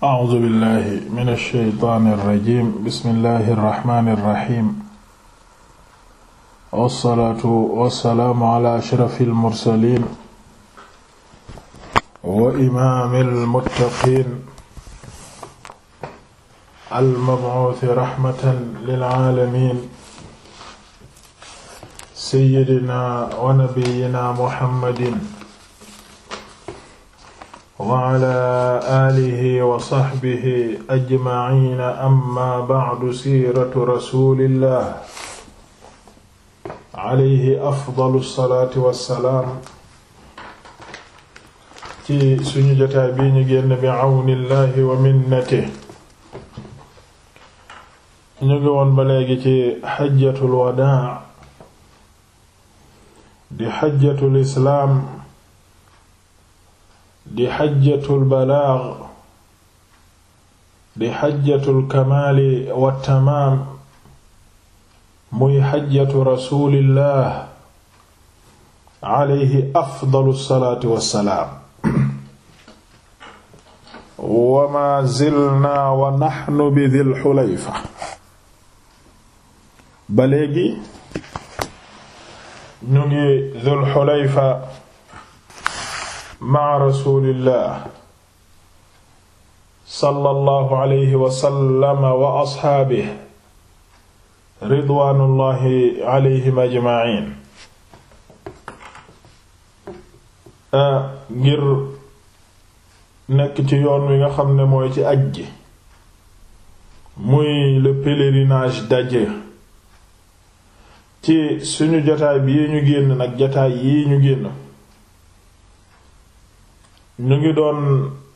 A'uuzu billaahi mina shaytaani rajiim bismillaahi rahmaani rahiim. Wassalaatu wassalaamu alaa ashrafil mursaliin. wa imaamil muttaqiin. al-mab'uuthi rahmatan lil aalamiin. Sayyidinaa wa nabiyyinaa Muhammadin. wa ala aalihi wa saxbihi ajmaciina amma bacdu siiratu rasuulillah alayhi afdalu wa salaam ci suñu jotaay bii ñu génn bi cawnillahi wa minnatihi ñu ngi woon ba léegi ci xajjatul wadaa di xajjatul islaam di xajjatul balaag di xajjatul kamaali wa tamaam muy xajjatu rasulillah alayhi afdalu salaatu wa salaam. wa ma zilnaa wa naxnu bi dil xulayfa. ba léegi ñu ngi dul xulayfa. ma rasulillah sallallahu alayhi wa wa asxaabihi ridwaanullahi alayhim ah, ngir nekk ci yoon wi nga xam ne mooy ci aj gi muy le pèlerinage d'adieu ci suñu jataay bi yi ñu génn nag jataay yi ñu génn ñu ngi doon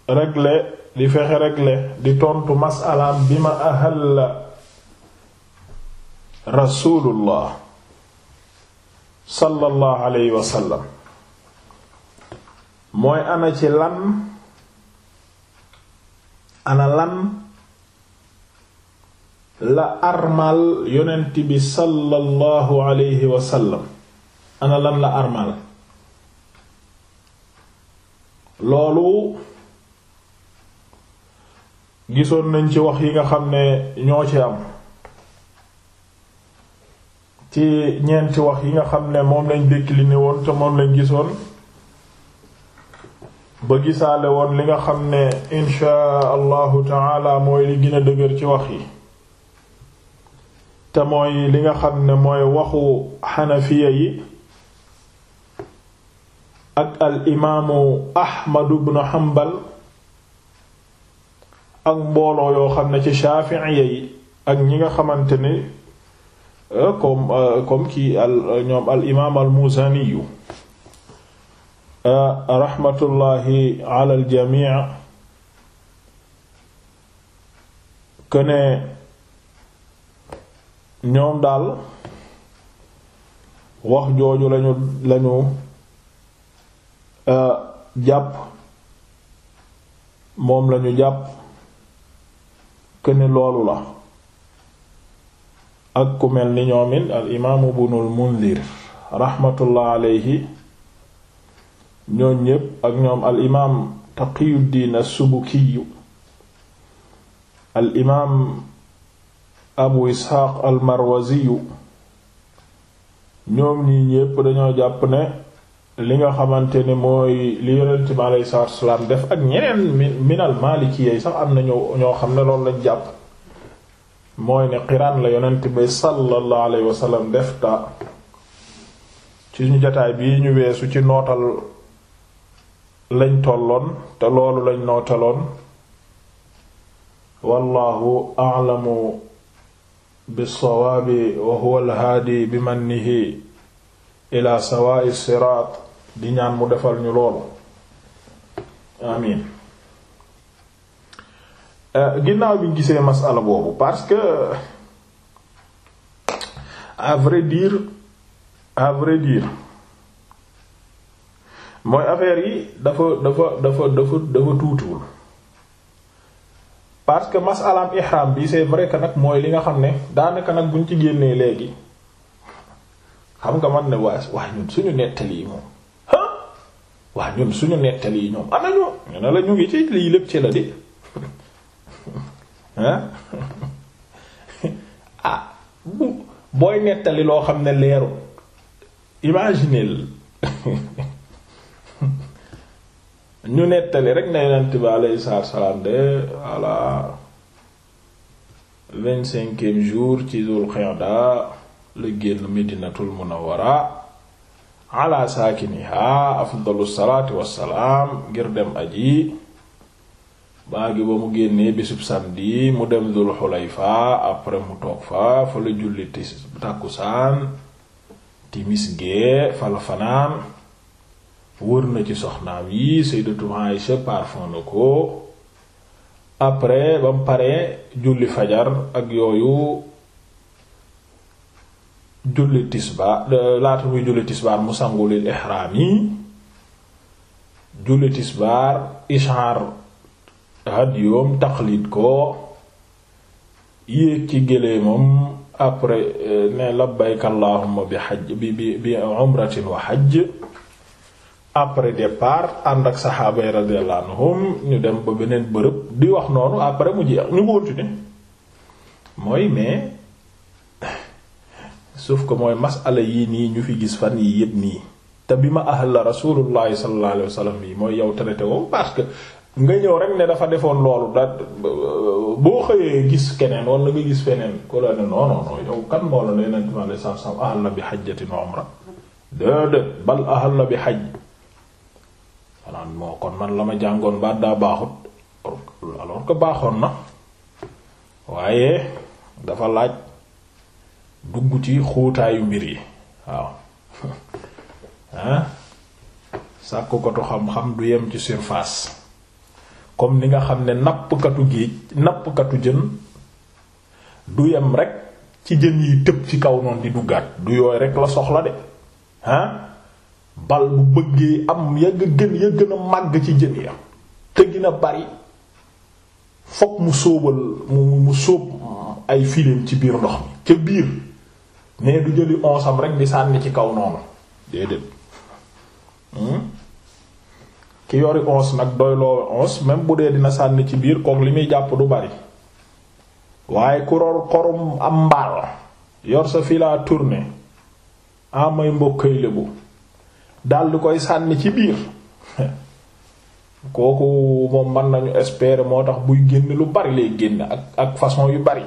régler di fexe régler di tontu masalaam bi ma ahalla rasulullah sallallahu alayhi wa mooy ana ci lan ana lan la armal yonent bi sallallahu alayhi wa ana lan la armal loolu gisoon nañ ci wax yi nga xam ne ñoo ci am ci ñeenti wax yi nga xam ne moom lañ décliné woon te moom lañ gisoon ba gisaale woon li nga xam ne inchaa allahu taala mooy li gën dëgër ci wax yi te mooy li nga xam ne mooy waxu xanafiya yi ak al imaamu ahmadu bnu hanbal ak mbooloo yoo xam ne ci shafi'iyya yi ak ñi nga xamante ni euh, comme euh, comme kii al ñoom al imaam al muzani euh, rahmatullahi ala al kone ñoom daal wax jooju lañu lañu Euh, jàpp moom lañu jàpp këne loolu la ak ku mel ni ñoomin al imaamu bunul mundir raxmatullah alayhi ñoo ñépp ak ñoom al imaam taqiyuddin as al imaam abu isxaaq al marwaziyu ñoom ñi ñépp dañoo jàpp ne li nga xamante ne mooy li yonent bi alayhi salaatu wa salaam def ak ñeneen minal maaliki yi sax am na ñoo ñoo xam ne loolu lañ jàpp mooy ne xiraan la yonent bi sallallahu alayhi wa def ta ci ñu jotaay bii ñu weesu ci nootal lañ tolloon te loolu lañ nootaloon wallahu a'lamu bis-sawaabi wa huwa al-haadi bi mannihi ila sawaa'i siraat di ñaan mu defal ñu loolu amin euh, ginnaaw bi ñu gisee masala boobu parce que à vrai dire à mooy affaire yi dafa dafa dafa dafa dafa tuutiwul parce que masalaam ihram bi c'est vrai que nag mooy li nga xam ne daanaka nag buñ ci génnee léegi xam nga man ne waa waa ñun suñu nettali moom waa ñun suñu nettali yi ñoom ana ñoom ñu ne la ngi ci lii lépp ci la di ah booy nettali loo xam ne leeru imagineel ñu nettali rek na yonent bi alayhi salaam de ala vingt-cinquième jour ci Dul Qa'da la génn Medinatul Munawwara ala saakiniha afdalu salaatu wassalaam ngir dem aji baa ba mu génnee bisub samedi mu dem dul xulayfa après mu toog fa fa la julli tis tàkkusaan timis gee fa la fanaan wër na ci soxnaam yi sayyidatu Aisha parfum na ko après ba mu paree julli fajar ak yooyu julli tisbaar laata muy julli tisbaar mu sangu lil ihraam yi julli tisbaar ishaar hadiyoom taqlid ko yéeg ci géléemam après euh, ne labbayka allahumma bi xaj bi bi bi umratin wa xaj après départ ànd ak saxaaba yi radiyallahu anhum ñu dem ba beneen bërëb di wax noonu après mu jeex ñu continuer mooy mais sauf que mooy masala yii nii ñu fi gis fan yii yépp nii te bi ma ahalla rasulullahi sallallahu alayhi wasallam yi mooy yow traité woo parce ñëw rek dafa defoon loolu da boo xëyee gis keneen wala nga gis feneen ku la ne non kan moo la ne yonent mi alayhi salaatu salaam ahalla bi hajjatin wa umra déedéet bal ahalla bi hajj xanaan kon man la ma jàngoon baat daa baaxut alors que baaxoon na waaye dafa laaj dugg ci xuutaayu mbir yi waaw ah sàkkukatu xam-xam du yem ci surface comme ni nga xam ne nappkatu géej nappkatu jën du yem rek ci jën yi tëb ci kaw noonu di duggaat du yooy rek la soxla de ah bal bu bëggee am ya gën ya gën a màgg ci jën ya te gën a bari fokk mu sóobal mu mu ay filim ci biir ndox mi ca biir mais du jëli am rek di sànni ci kaw noonu déedéet hmm? ki yori ons nag doy loo ons même bu dee dina sànni ci biir kook li muy jàpp du bari waaye ku ror xorum am mbaal ah, dal koy sànni ci biir kooku moom mën nañu espérer moo tax buy génn lu bari lay génn ak façon yu bari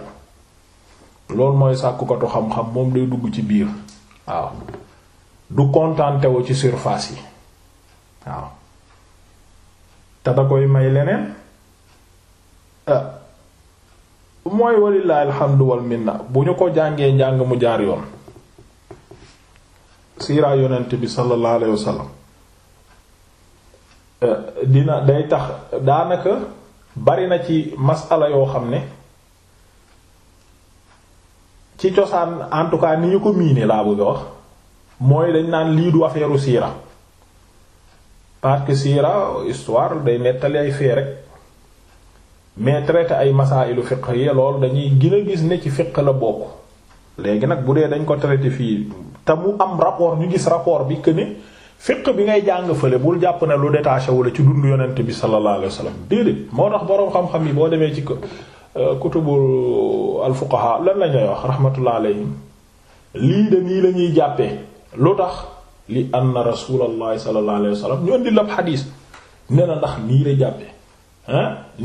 loolu mooy sàkkukatu xam-xam moom day dugg ci biir waaw du contenté wu ci surface yi waaw te da koy may leneen euh, mooy walilahi alhamdu wal minna bu ñu ko jàngee njàng mu jaar yoon siira yonent bi sallallahu alayhi euh, dina day tax daanaka bari na ci masala yoo xam ne ci cosaan en tout cas ni ñu ko miine laa bëgg a wax mooy dañ naan lii du affaire siira parce que siira histoire day nettali ay fee rek mais traité ay masaa'ilu fiqh yi loolu dañuy gën gis ne ci fiqh la bokk léegi nag bu dee dañ ko traité fii te mu am rapport ñu gis rapport bi que ne fiqh bi ngay jàng fële bul jàpp na lu détaché wala ci dund yonent bi sallallahu alayhi wasallam déedéet moo tax boroom xam-xam yi boo demee ci ko Euh, kutubu al fuqaha lan lañuy lay wax rahmatullah lii de nii lañuy jàppee lu tax li anna rasulallahi sallallahu alayhi wa sallam ñu indi lab xadiis nee na ndax nii la jàppee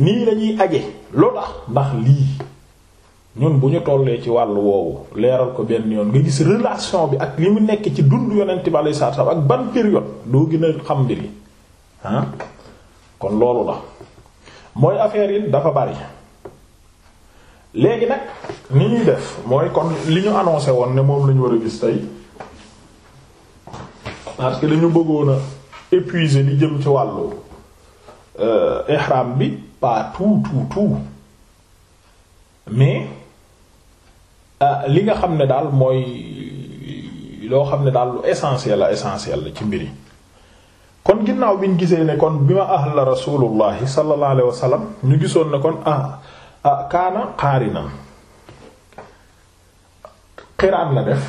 nii lañuy ñuy aje lu tax ndax lii ñun bu ñu tollee ci wàll woowu leeral ko benn yoon nga gis relation bi ak li mu nekk ci dund yonent bi alayhi salaatu ak ban période doo gën a xam mbir yi kon loolu la mooy affaire yi dafa bari léegi nag ni ñuy def mooy kon li ñu annoncé woon ne moom la ñu war a gis tey parce que lañu bëggoon a épuiser li jëm ci wàllu euh, ihram bi pas tout tout tout mais euh, li nga xam ne daal mooy loo xam ne daal lu essentiel la essentiel la ci mbir yi kon ginnaaw bi ñu gisee ne kon bi ma ahla rasulullahi sallallahu alayhi wa sallam ñu gisoon ne kon ah. ah kaana qaarinan xiraan la def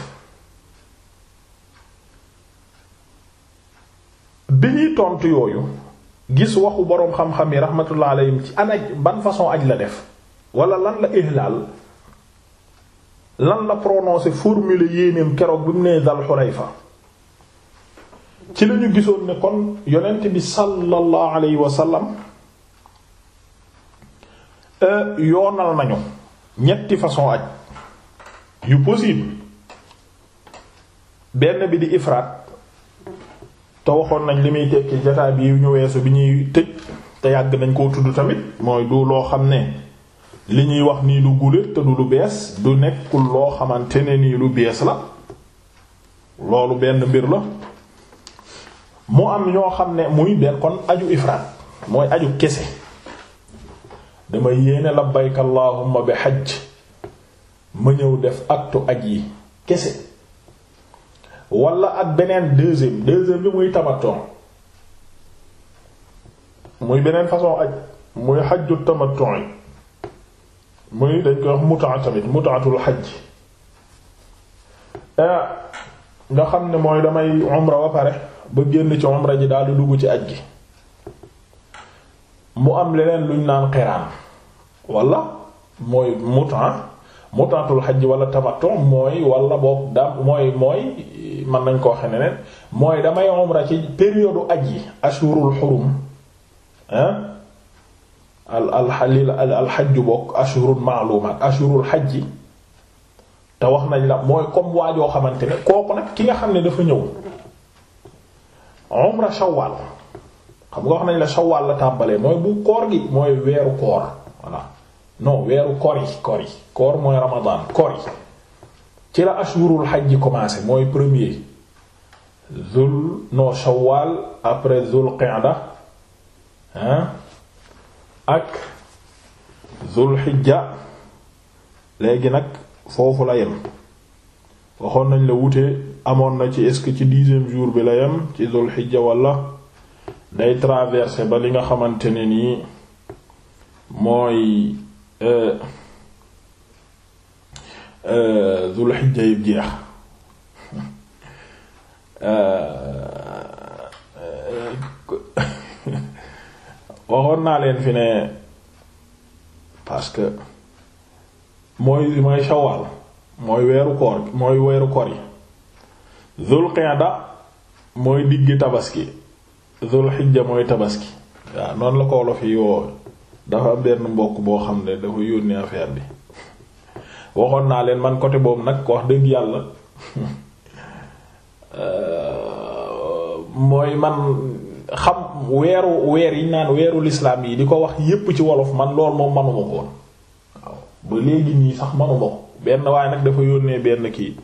bi ñuy tontu yooyu gis waxu boroom xam-xam yi rahmatullah alayhim ci an aj ban façon aj la def wala lan la ihlaal lan la prononcé formule yéenéem keroog bi mu nee dal xulayfa ci lañu gisoon ne kon yonent bi sallallahu alayhi wa yoonal nañu ñetti façon aj yu possible benn bi di ifraat te waxoon nañ li muy tekki jataa bi ñu weesu bi ñuy tëj te yàgg nañ koo tudd tamit mooy du loo xam ne li ñuy wax nii du guléet te du lu bees du nekkul loo xamante ne lu bees la loolu benn mbir la mu am ñoo xam ne muy benn kon aju ifraat mooy aju kese dama yéene labbayka allahumma bi xaj ma ñëw def aktu aj yi kese wala ak beneen deuxième deuxième bi muy tamaton muy beneen façon aj muy xajju tamaton yi muy dañ koy wax mutaa tamit mutaatul xaj ah, nga xam ne mooy damay umra ba pare ba génn ci umra ji daal di dugg ci aj gi mu am leneen luñ naan xiraan wala mooy muta mutatul xaj wala tamattu mooy wala boog da mooy mooy mën nañ ko waxe ne neen mooy damay umra ci période aj yi ashurul xurum ah al al alxajju boog ashurul maalumaat ashurul xaj yi te wax nañ la mooy comme waajoo xamante ne kooku nag ki nga xam ne dafa ñëw umra shawwal xam nga wax nañ la shawwal la tàmbalee mooy bu koor gi mooy weeru koor voilà no weeru kor yi kor mooy ramadan kor ci la ashurul xaj ji commencé mooy premier zul no shawwal après zul qa'da hein ak zul xijja léegi nag foofu la yem waxoon nañ la wute amoon na ci est-ce ci dixième jour bi la yem ci zul xijja wala day traversé ba li nga xamante ne nii mooy Dul Hijja yëpp jeex waxoon naa leen fi ne parce que mooy mooy Shawwal mooy weeru koor mooy weeru koor yi Dul Qa'da mooy digg tabaski Dul Hijja mooy tabaski waaw noonu la ko wolof yi woo dafa benn mbokk boo xam ne dafa yónnee affaire bi waxoon naa leen man côté boobu nag wax dëgg yàlla euh, mooy man xam weeru weer yi naan weeru lislaam yi di ko wax yépp ci wolof man lool moom manuma ko woon waaw ba léegi nii sax manuma ko benn waaye nag dafa yónnee benn kii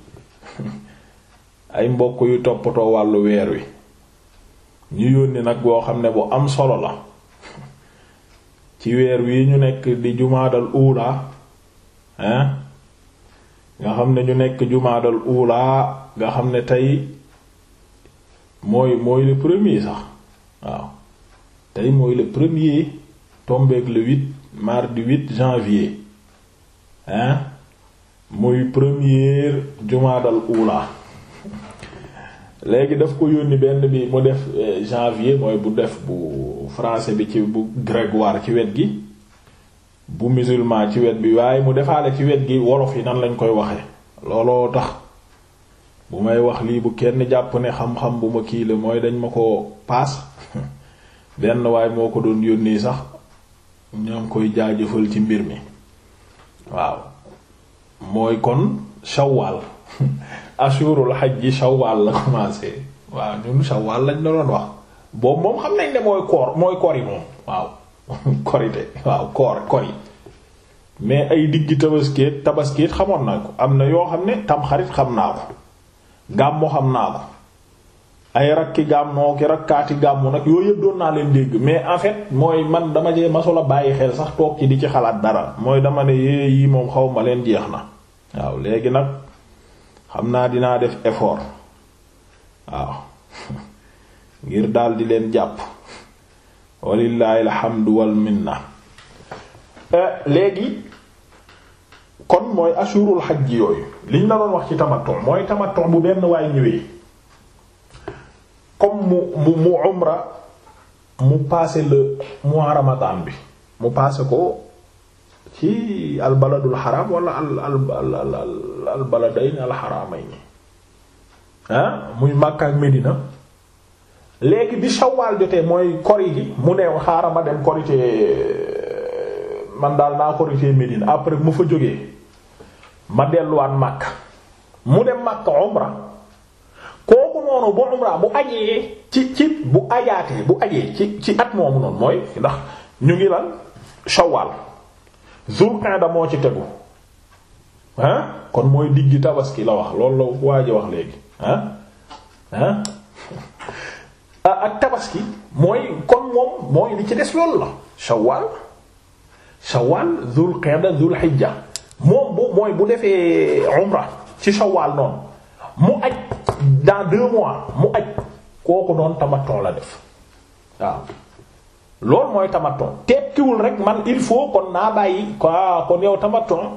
ay mbokk yu toppatoo wàllu weer wi ñu yónni nag boo xam ne bu am solo la ci weer wii ñu nekk di jumaadal uula hein nga xam ne ñu nekk jumaadal uula nga xam ne tey mooy mooy le premier sax waaw tey mooy le premier tombeek le huit mardi huit janvier hein muy premier jumaadal uula léegi daf ko yónni benn bi mu def eh, janvier mooy bu def bu français bi ci bu grégoire ci wet gi bu musulman ci wet bi waaye mu defaale ci wet gi wolof yi nan lañ koy waxee looloo tax bu may wax lii bu kenn jàpp ne xam-xam bu ma kii la mooy dañ ma ko paas benn waay moo ko doon yónnee sax ñoo ngi koy jaajëfal ci mbir mi waaw mooy kon shawaal ashurul hajj shawwal la commencé waaw ñun shawwal lañ la doon wax boobu moom xam nañ ne mooy koor mooy kori moom waaw korite waaw koor kori mais ay diggi tabaskeet tabaskeet xamoon naa ko am na yoo xam ne tamxarit xam naa ko gàmmu xam naa ko ay rakki gàmmoo ki rakkaati gàmmu nag yooyu yëpp naa leen dégg mais en fait mooy man dama jee masula bàyyi xel sax toog ci di ci xalaat dara mooy dama ne yee yi moom xaw ma leen jeex na waaw léegi nag xam naa dinaa def effort waaw ngir daal di leen jàpp walillahi alhamdu wal minna eh, léegi kon mooy ashurul xaj yooyu liñ la doon wax ci tamattu mooy tamatoo bu benn waay ñëwee kom mu mu mu umra mu paase le mois ramadan bi mu paase ko ci al baladul xaram wala al al al al baladayn al xaraamayn ah muy Makka ak Medina léegi bi shawaal jotee mooy kori gi mu ne xaaral ma dem korite eh, man daal naa korite Medina après mu fa jógee ma delluwaat Makka mu dem Makka umra kooku noonu bu umra bu ajee ci ci bu ajaatee bu ajee ci ci at moomu noonu mooy ndax ñu ngi lan shawaal. zulqaada moo ci tegu ah kon mooy diggi tabaski la wax loolu la waa ji wax léegi ah ah ak tabaski mooy kon moom mooy li ci des loolu la shawwal shawwal zul qada zul hijja moom bu mooy bu defee umra ci shawwal noonu mu aj dans deux mois mu aj kooku noonu tamaton la def waaw loolu mooy tamaton tekkiwul rek man il faut kon naa bàyyi quoi ah, kon yow tamattu ah.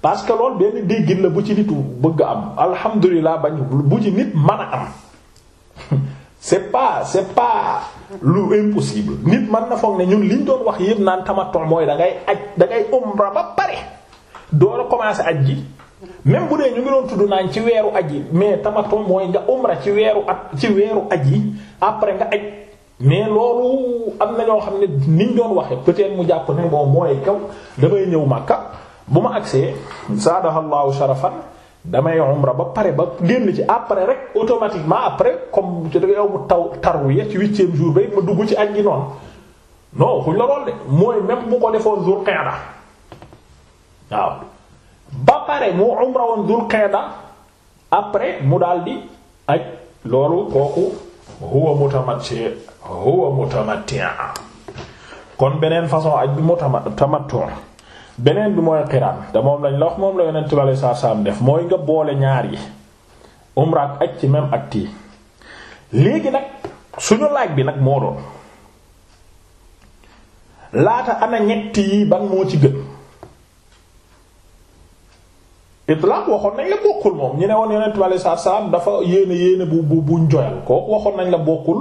parce lool loolu benn déggin la bu ci nitu bëgg am alhamdulilah bañ bu ci nit mën a am c'est pas c'est pas lu impossible nit mën na foog ne ñun liñ doon wax yëpp naan tamattu mooy dangay ngay aj da ngay umra ba pare door a commencer aj ji même bu dee ñu ngi doon tudd naan ci weeru aj yi mais tamattu mooy nga umra ci weeru at ci weeru aj yi après nga aj mais loolu am na ñoo xam ne niñ doon waxee peut-être mu jàpp nañ bon mooy kaw damay ñëw Makka bu ma agsee zaadahallahu sharafan damay umra ba pare ba génn ci après rek automatiquement après comme ci da yow mu taw tarwiya ci huitième jour ba ma dugg ci aj gi noonu non xuñ la lool de mooy même bu ko defoon Zul Qa'da waaw ba pare mu umra woon Zul Qa'da après mu daal di ak loolu kooku huwa mutamatti huwa mutamatti'a kon beneen façon aj bi mutamattu beneen bi mooy xiraan te moom lañ la wax moom la yonent bi alayhi def mooy nga boole ñaar yi umra aj ci même acte yi léegi nag suñu laaj bi nag moo doon laata ana ñetti yi ban moo ci gën itlaq waxoon nañ la bokkul moom ñu ne woon yonent bi alayhi dafa yéene yéene bu bu buñ joyal kooku waxoon nañ la bokkul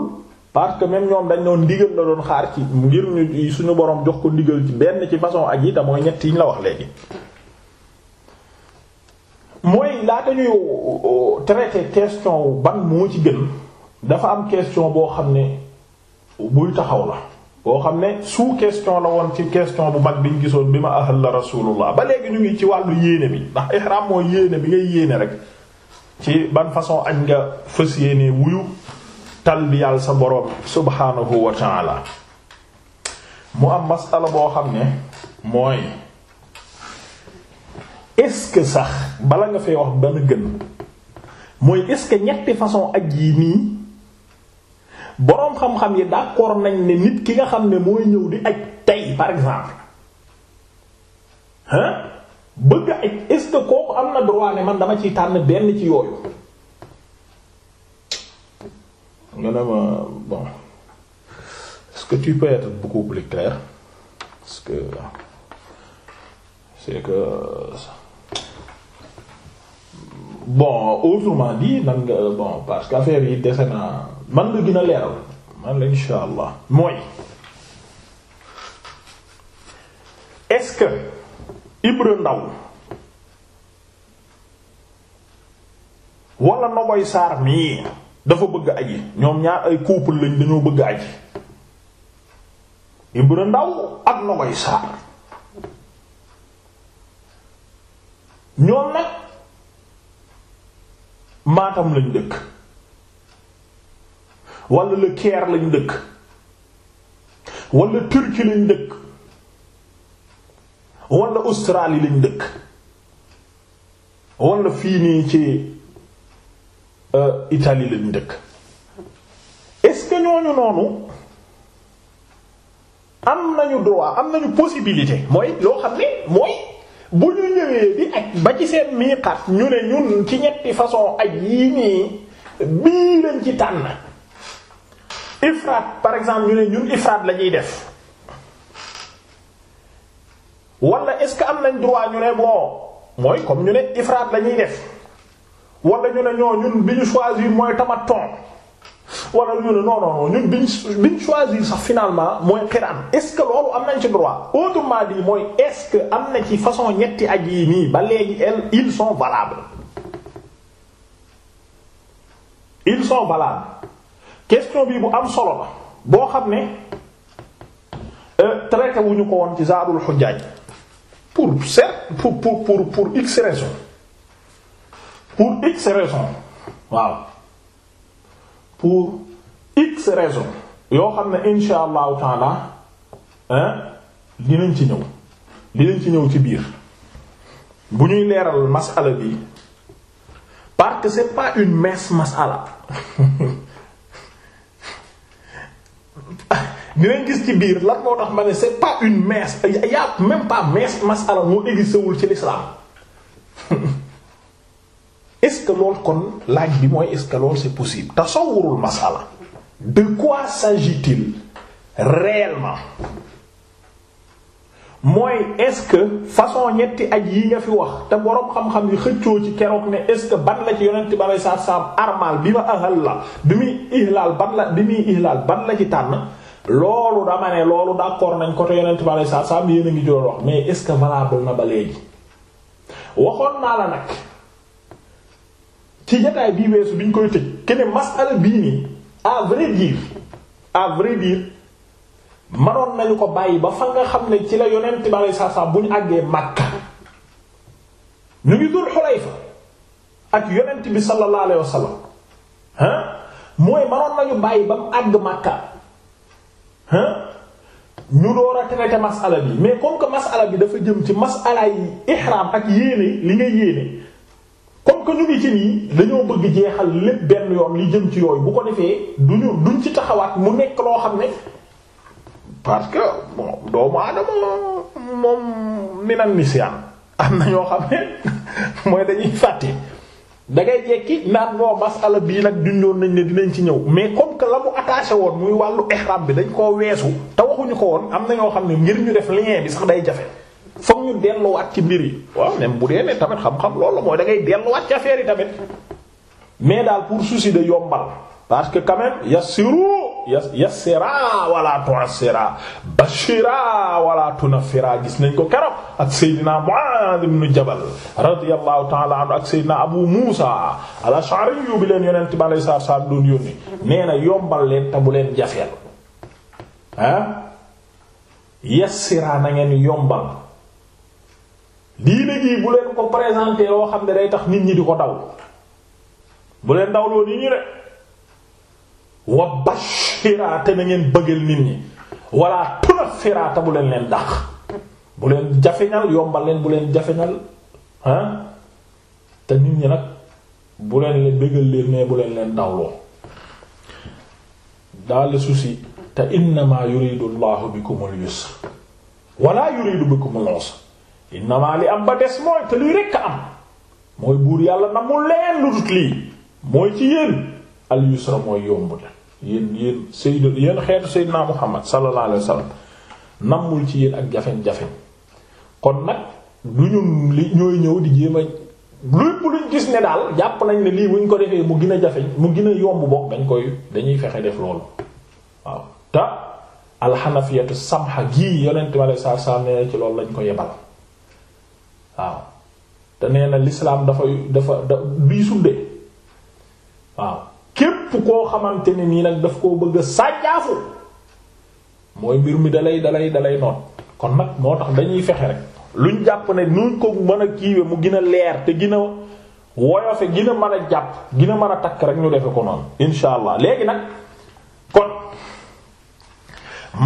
parce que même ñoom dañ doon ndigal la doon xaar ci ngir ñu suñu borom jox ko ndigal ci benn ci façon ak yi te ñetti ñett ñu la wax léegi. mooy laata ñuy euh, euh, traiter question ban moo ci gën dafa am question boo xam ne buy taxaw la boo xam ne sous question la woon ci question bu mag biñ gisoon bi ma ahal la rasulullah ba léegi ñu ngi ci wàllu yéene bi ndax ihram mooy yéene bi ngay yéene rek ci ban façon añ nga fës yéene wuyu. talbiyaal sa boroom subhaanahu wa ta'ala mu am masala boo xam ne mooy est sax bala nga fay wax dana gën mooy est-ce ñetti façon aj yi nii boroom xam-xam yi d'accord nañ ne nit ki nga xam ne mooy ñëw di aj tey par exemple hein bëgg aj est kooku am na droit ne man dama ciy tànn benn ci yooyu nga ne ma bon est que tu peux être beaucoup plus clair parce que c'est que bon autrement dit nan nga bon parce que affaire yi dese naa man la gën leeral man la insha allah mooy est que Ibra Ndaw wala Nogoy Sarr mii dafa bëgg aji ñoom ñaar ay couple lañ dañoo bëgg aji Ibra Ndaw ak Nogoy Sarr ñoom nag Matam lañ dëkk wala Le Caire lañ dëkk wala Turquie lañ dëkk wala Australie lañ dëkk wala fii nii ci Euh, Italie lañ dëkk est-ce que ñooñu noonu am nañu droit am nañu possibilité mooy loo xam ne mooy bu ñu ñëwee di aj ba ci seen miiqaat ñu ne ñun ci ñetti façon ak yii nii bii lañ ci tànn ifraat par exemple ñu ne ñun ifraat la def wala est-ce que am nañ droit ñu ne bon mooy comme ñu ne ifraat la ñuy def wala ñu ne ñoo ñun bi ñu choisir mooy tamaton wala ñu ne non non non ñun bi ñu choisir sax finalement mooy xiraan est ce que loolu am nañ ci droit autrement dit mooy est ce que am na ci façon ñetti ak yi nii ba léegi elles ils sont valables ils sont valables question bii bu am solo la boo xam ne euh, traité wuñu ko woon ci Zadul Hujjaj pour certes pour pour pour pour pour x waaw pour x raison yoo xam ne insha allahu taala dinañ ci ñëw dinañ ci ñëw ci biir bu ñuy leeral masala bi parce que c'est pas une mince masala dinañ gis ci biir lan moo tax ma ne c'est pas une mince y a même pas mince masala moo existewul ci l'islam est-ce que loolu kon laaj bi mooy est-ce que loolu c'est possible tasawurul masala de quoi s'agit-il réellement mooy est-ce que façon ñetti aj yi nga fi wax te boroom xam-xam yi xëccoo ci keroog ne est-ce que ban la ci yonent ba lay saab bi ma ahal la bi muy ihlaal ban la bi muy ihlaal ban la ci tànn loolu dama ne loolu d'accord nañ ko te yonent ba lay yéen a ngi joor wax mais est-ce que valable na ba léegi waxoon naa la nag ci jotaay bii weesu bi ñu koy tëj kene masala bii nii à vrai manoon nañu ko bàyyi ba fa nga xam ne ci la yonent bi alei satu selaam bu ñu àggee Makka ñu ngi dul Xulayfa ak yonent bi sallallahu alayhi wasallam mooy manoon nañu bàyyi ba mu àgg Makka ñu door a traité masala bi mais comme que masala bi dafa jëm ci masala yi ihram ak yéene li nga yéene comme que ñu ngi ci nii dañoo bëgg jeexal lépp benn yoon li jëm ci yooyu bu ko defee ñu duñ ci taxawaat mu nekk loo xam ne parce que bon doomu aadama moom mi naan si am na ñoo xam ne mooy dañuy fàtte da ngay jekki naan moo masala bii nag dundoon nañ ne dinañ ci ñëw mais comme que la mu attaché woon muy wàllu ihram bi dañ koo weesu te waxuñu ko woon am na ñoo xam ne ngir ñu def lien bi sax day jafe. foog ñu delluwaat ci mbir yi waaw même bu dee ne tamit xam-xam loolu mooy da ngay delluwaat ci affaire yi tamit mais daal pour souci de yombal parce que quand même yassiru yassira wala tu'assira bashira wala gis nañ ko keroog ak Seydina Mu'adh ibn Jabal radiyallahu ta'ala anhu ak Seydina Abu Musa al-Ash'ari yu bi leen yonent bi alayhi salaatu salaam doon yónni nee yombal leen te leen jafeel ah yassira na yombal diine gi bu leen ko présenté yoo xam ne day tax nit ñi di ko daw bu leen dawloo nit ñi de wa bashiraate na ngeen bëggal nit ñi walla tunafiraata bu leen leen dax bu leen jafeñal yombal leen bu leen ah. te nit ñi nag bu leen leen bëggal leen mais bu leen leen dawloo daal la souci te innamaa yuridu allahu bikumul yusr wala yuridu bikumul usr innamaa li am ba des mooy te lii rekk am mooy buur yàlla na mu leen lu lii mooy ci yéen al yusra mooy yombute yéen yéen sayyidu yéen xeetu sayyidina muhammad sallallahu alayhi wa sallam nammul ci yéen ak jafeñ-jafeñ kon nag lu ñun li ñooy ñëw di jéem a lupp luñ gis ne daal jàpp nañ ne lii buñ ko defee mu gën a jafeñ mu gën a yomb boo dañ koy dañuy fexe def loolu waaw te alxanafiyatu samha gii yonent bi sallallahu alayhi wa sallam ne ci loolu lañ ko yebal waaw te nee na dafay dafa da bii sudde waaw képp koo xamante ne nii nag daf koo bëgg a sàjjaafu mooy mbir mi dalay dalay dalay noon kon nag moo tax dañuy fexe rek luñ jàpp ne nuñ ko mën a kiiwe mu gën a leer te gina a woyofe gën a mën a jàpp gina man a takk rek ñu defe ko noonu insha allah léegi nag kon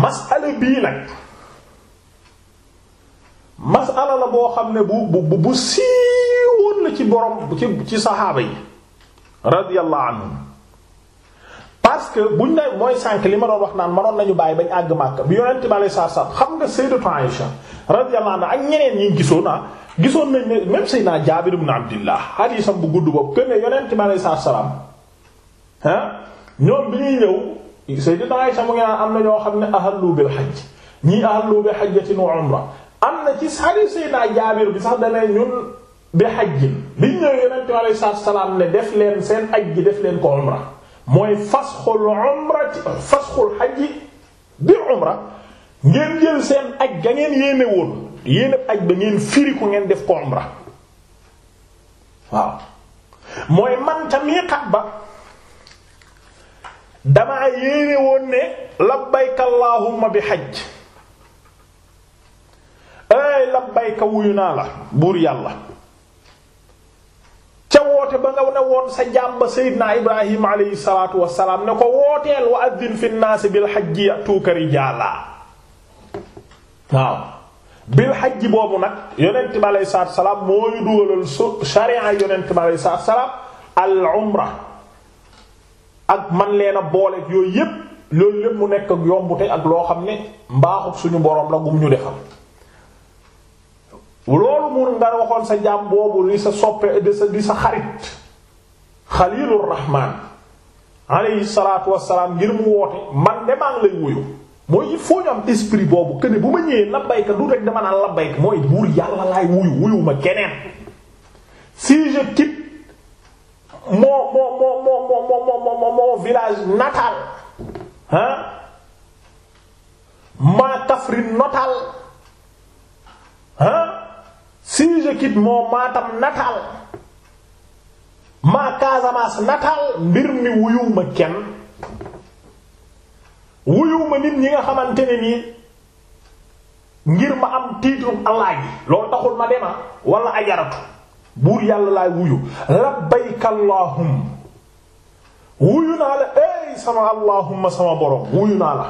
masala bii nag masala la boo xam ne bu bu bu siiwoon la ci borom ci ci saxaaba yi radiyallahu anhum parce que buñ ne mooy sànk li ma doon wax naan manoon nañu bàyyi bañ àgg Màkka bi yonent bi alayhi xam nga sayyidatu Aïsha radiyallahu anha ak ñeneen ñi gisoon a ah, gisoon nañ ne même sayyidina Jaabir ibn Abdillah hadiisam bu gudd boobu que ne yonent bi alayhi salaatu salaam ah, ñoom bi ñuy ñëw sayyidatu Aïsha mu ngi am na ñoo xam ne ahallu bil hajj ñii ahallu bi hajjatin wa umra am na ci xarit Seydina Jaabir bi sax danay ñun bi xajjin liñ ñëw yonent bi salaam ne def leen seen aj ji def leen ko umra mooy fasxul umra fasxul xajji bi umra ngeen jël seen aj ga ngeen yéene woon yéene aj ba ngeen firi ko ngeen def ko umra waaw mooy man ca miiqaat ba damaa yéene woon ne labbayka bi xaj ay labbayka wuyu naa la buur yàlla ca woote ba nga ne woon sa jàmba seydina ibrahim aleyhi salaatu wassalaam ne ko wooteel wa addin fi naasi bil xajji yatuuka rijaala waaw bil xajji boobu nag yonent bi aleyhi salaatu wassalaam moo ñu dugalal su sharia yonent bi aleyhi salaatu al umra ak man leena booleek yooyu yépp loolu lépp mu nekk ak yombute ak loo xam ne mbaaxut suñu boroom la gum ñu defal loolu mun nga waxoon sa jaam boobu li sa soppe di sa xarit xaliilur rahmaan alayhi salaatu wassalaam ngir mu woote man de lay wuyu mooy il faut ñu esprit boobu que ne bu ma ñëwee labbayka du rek dama naan labbayka mooy buur yàlla laay wuyu wuyu ma keneen si je quitte mon mon mon mon mon mon mon village natal hein ma Kaffrine natal hein si je quitte mon Matam natal ma Casamance natal mbir mi wuyuma kenn wuyuma nit ñi nga xamante ne nii ngir ma am titre alaaji loolu taxul ma dema wala ajaratu buur yàlla laay wuyu labbayka wuyu naa la ey sama allahumma sama borom wuyu naa la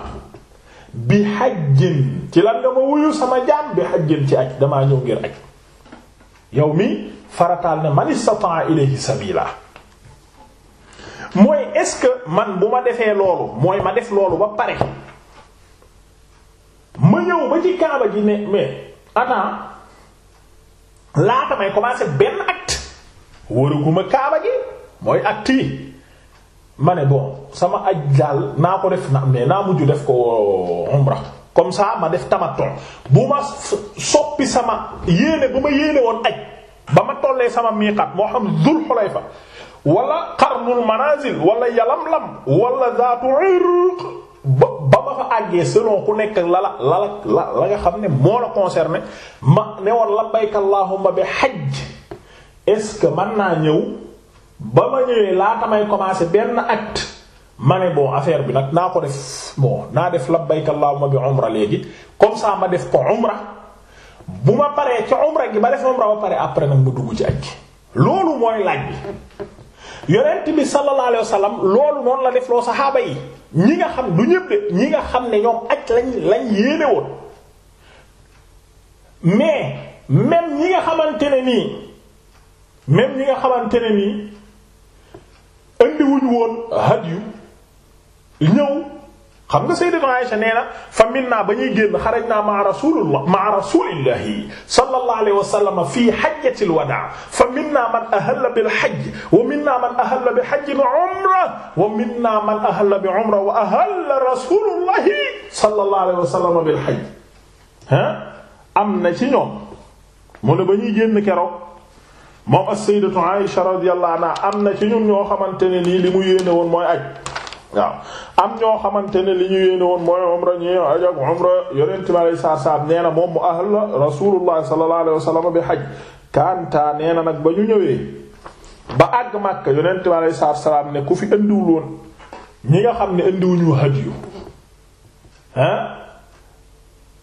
bi xajjin ci lan nga ma wuyu sama jaam bi xajjin ci aj damaa ñëw ngir aj yow mi farataal ne man istata'a ilayhi sabila mooy est-ce que man bu ma defee loolu mooy ma def loolu ba pare ma ñëw ba ci kaaba ji ne mais attends laata may commencer benn acte wëruguma kaaba ji mooy acte yi ma ne bon sama aj daal naa ko def na mais naa mujj def ko euh, umra comme ça ma def tamattu bu ma soppi sama yéene bu ma yéene woon aj ba ma tollee sama miiqaat moo xam Dul Xulayfa wala Qarnul Manazil wala Yalamlam wala Zaatu Irq ba ba ma fa àggee selon ku nekk la la la nga xam ne moo la concerné ma ne woon labbayka allahumma bi hajj est que man naa ñëw ba ma ñëwee laata may commencer benn at ma boo bon affaire bi nag naa ko def bon naa def labbayka allahumma bi umra léegi comme saa ma def ko umra bu ma paree ci umra gi ma def umra ba pare après nag ma dugg ci aj gi loolu mooy laaj bi yonent bi sallallahu alayhi loolu noonu la def loo saxaaba yi ñi nga xam du ñëpp ñi nga xam ne ñoom aj lañ lañ yéene woon ñi nga xamante ne nii même ñi nga xamante ne nii indiwuñ woon hadiyu ñëw xam nga Sayyidatu Aisha nee na fa minna ba ñuy génn xaraj naa ma rasulullah ma rasulillahi sallallahu alayhi wa sallam fi hajjatil wadaa fa minna man ahalla bil hajj wa minna man ahalla bi hajjin wa umra wa minna man ahalla bi umra wa ahalla rasulullahi sallallahu alayhi wa sallam bil hajj ah am na ci ñoom mu ne ba ñuy génn keroog moom as-Sayyidatu Aisha radiyallahu anha am na ci ñun ñoo xamante ne nii li mu yéene woon mooy aj waaw am ñoo xamante ne li ñu yéene woon mooy umra ñi aj ak umra yonent mi alayhi salaatu na moom mu ahal la rasulullah sallallahu alayhi wa bi xaj kanta nee na nag ba ñu ñëwee ba àgg Makka yonent mi alayhi salaatu salaam ne ku fi indiwul woon ñi nga xam ne indiwuñu haj yu ah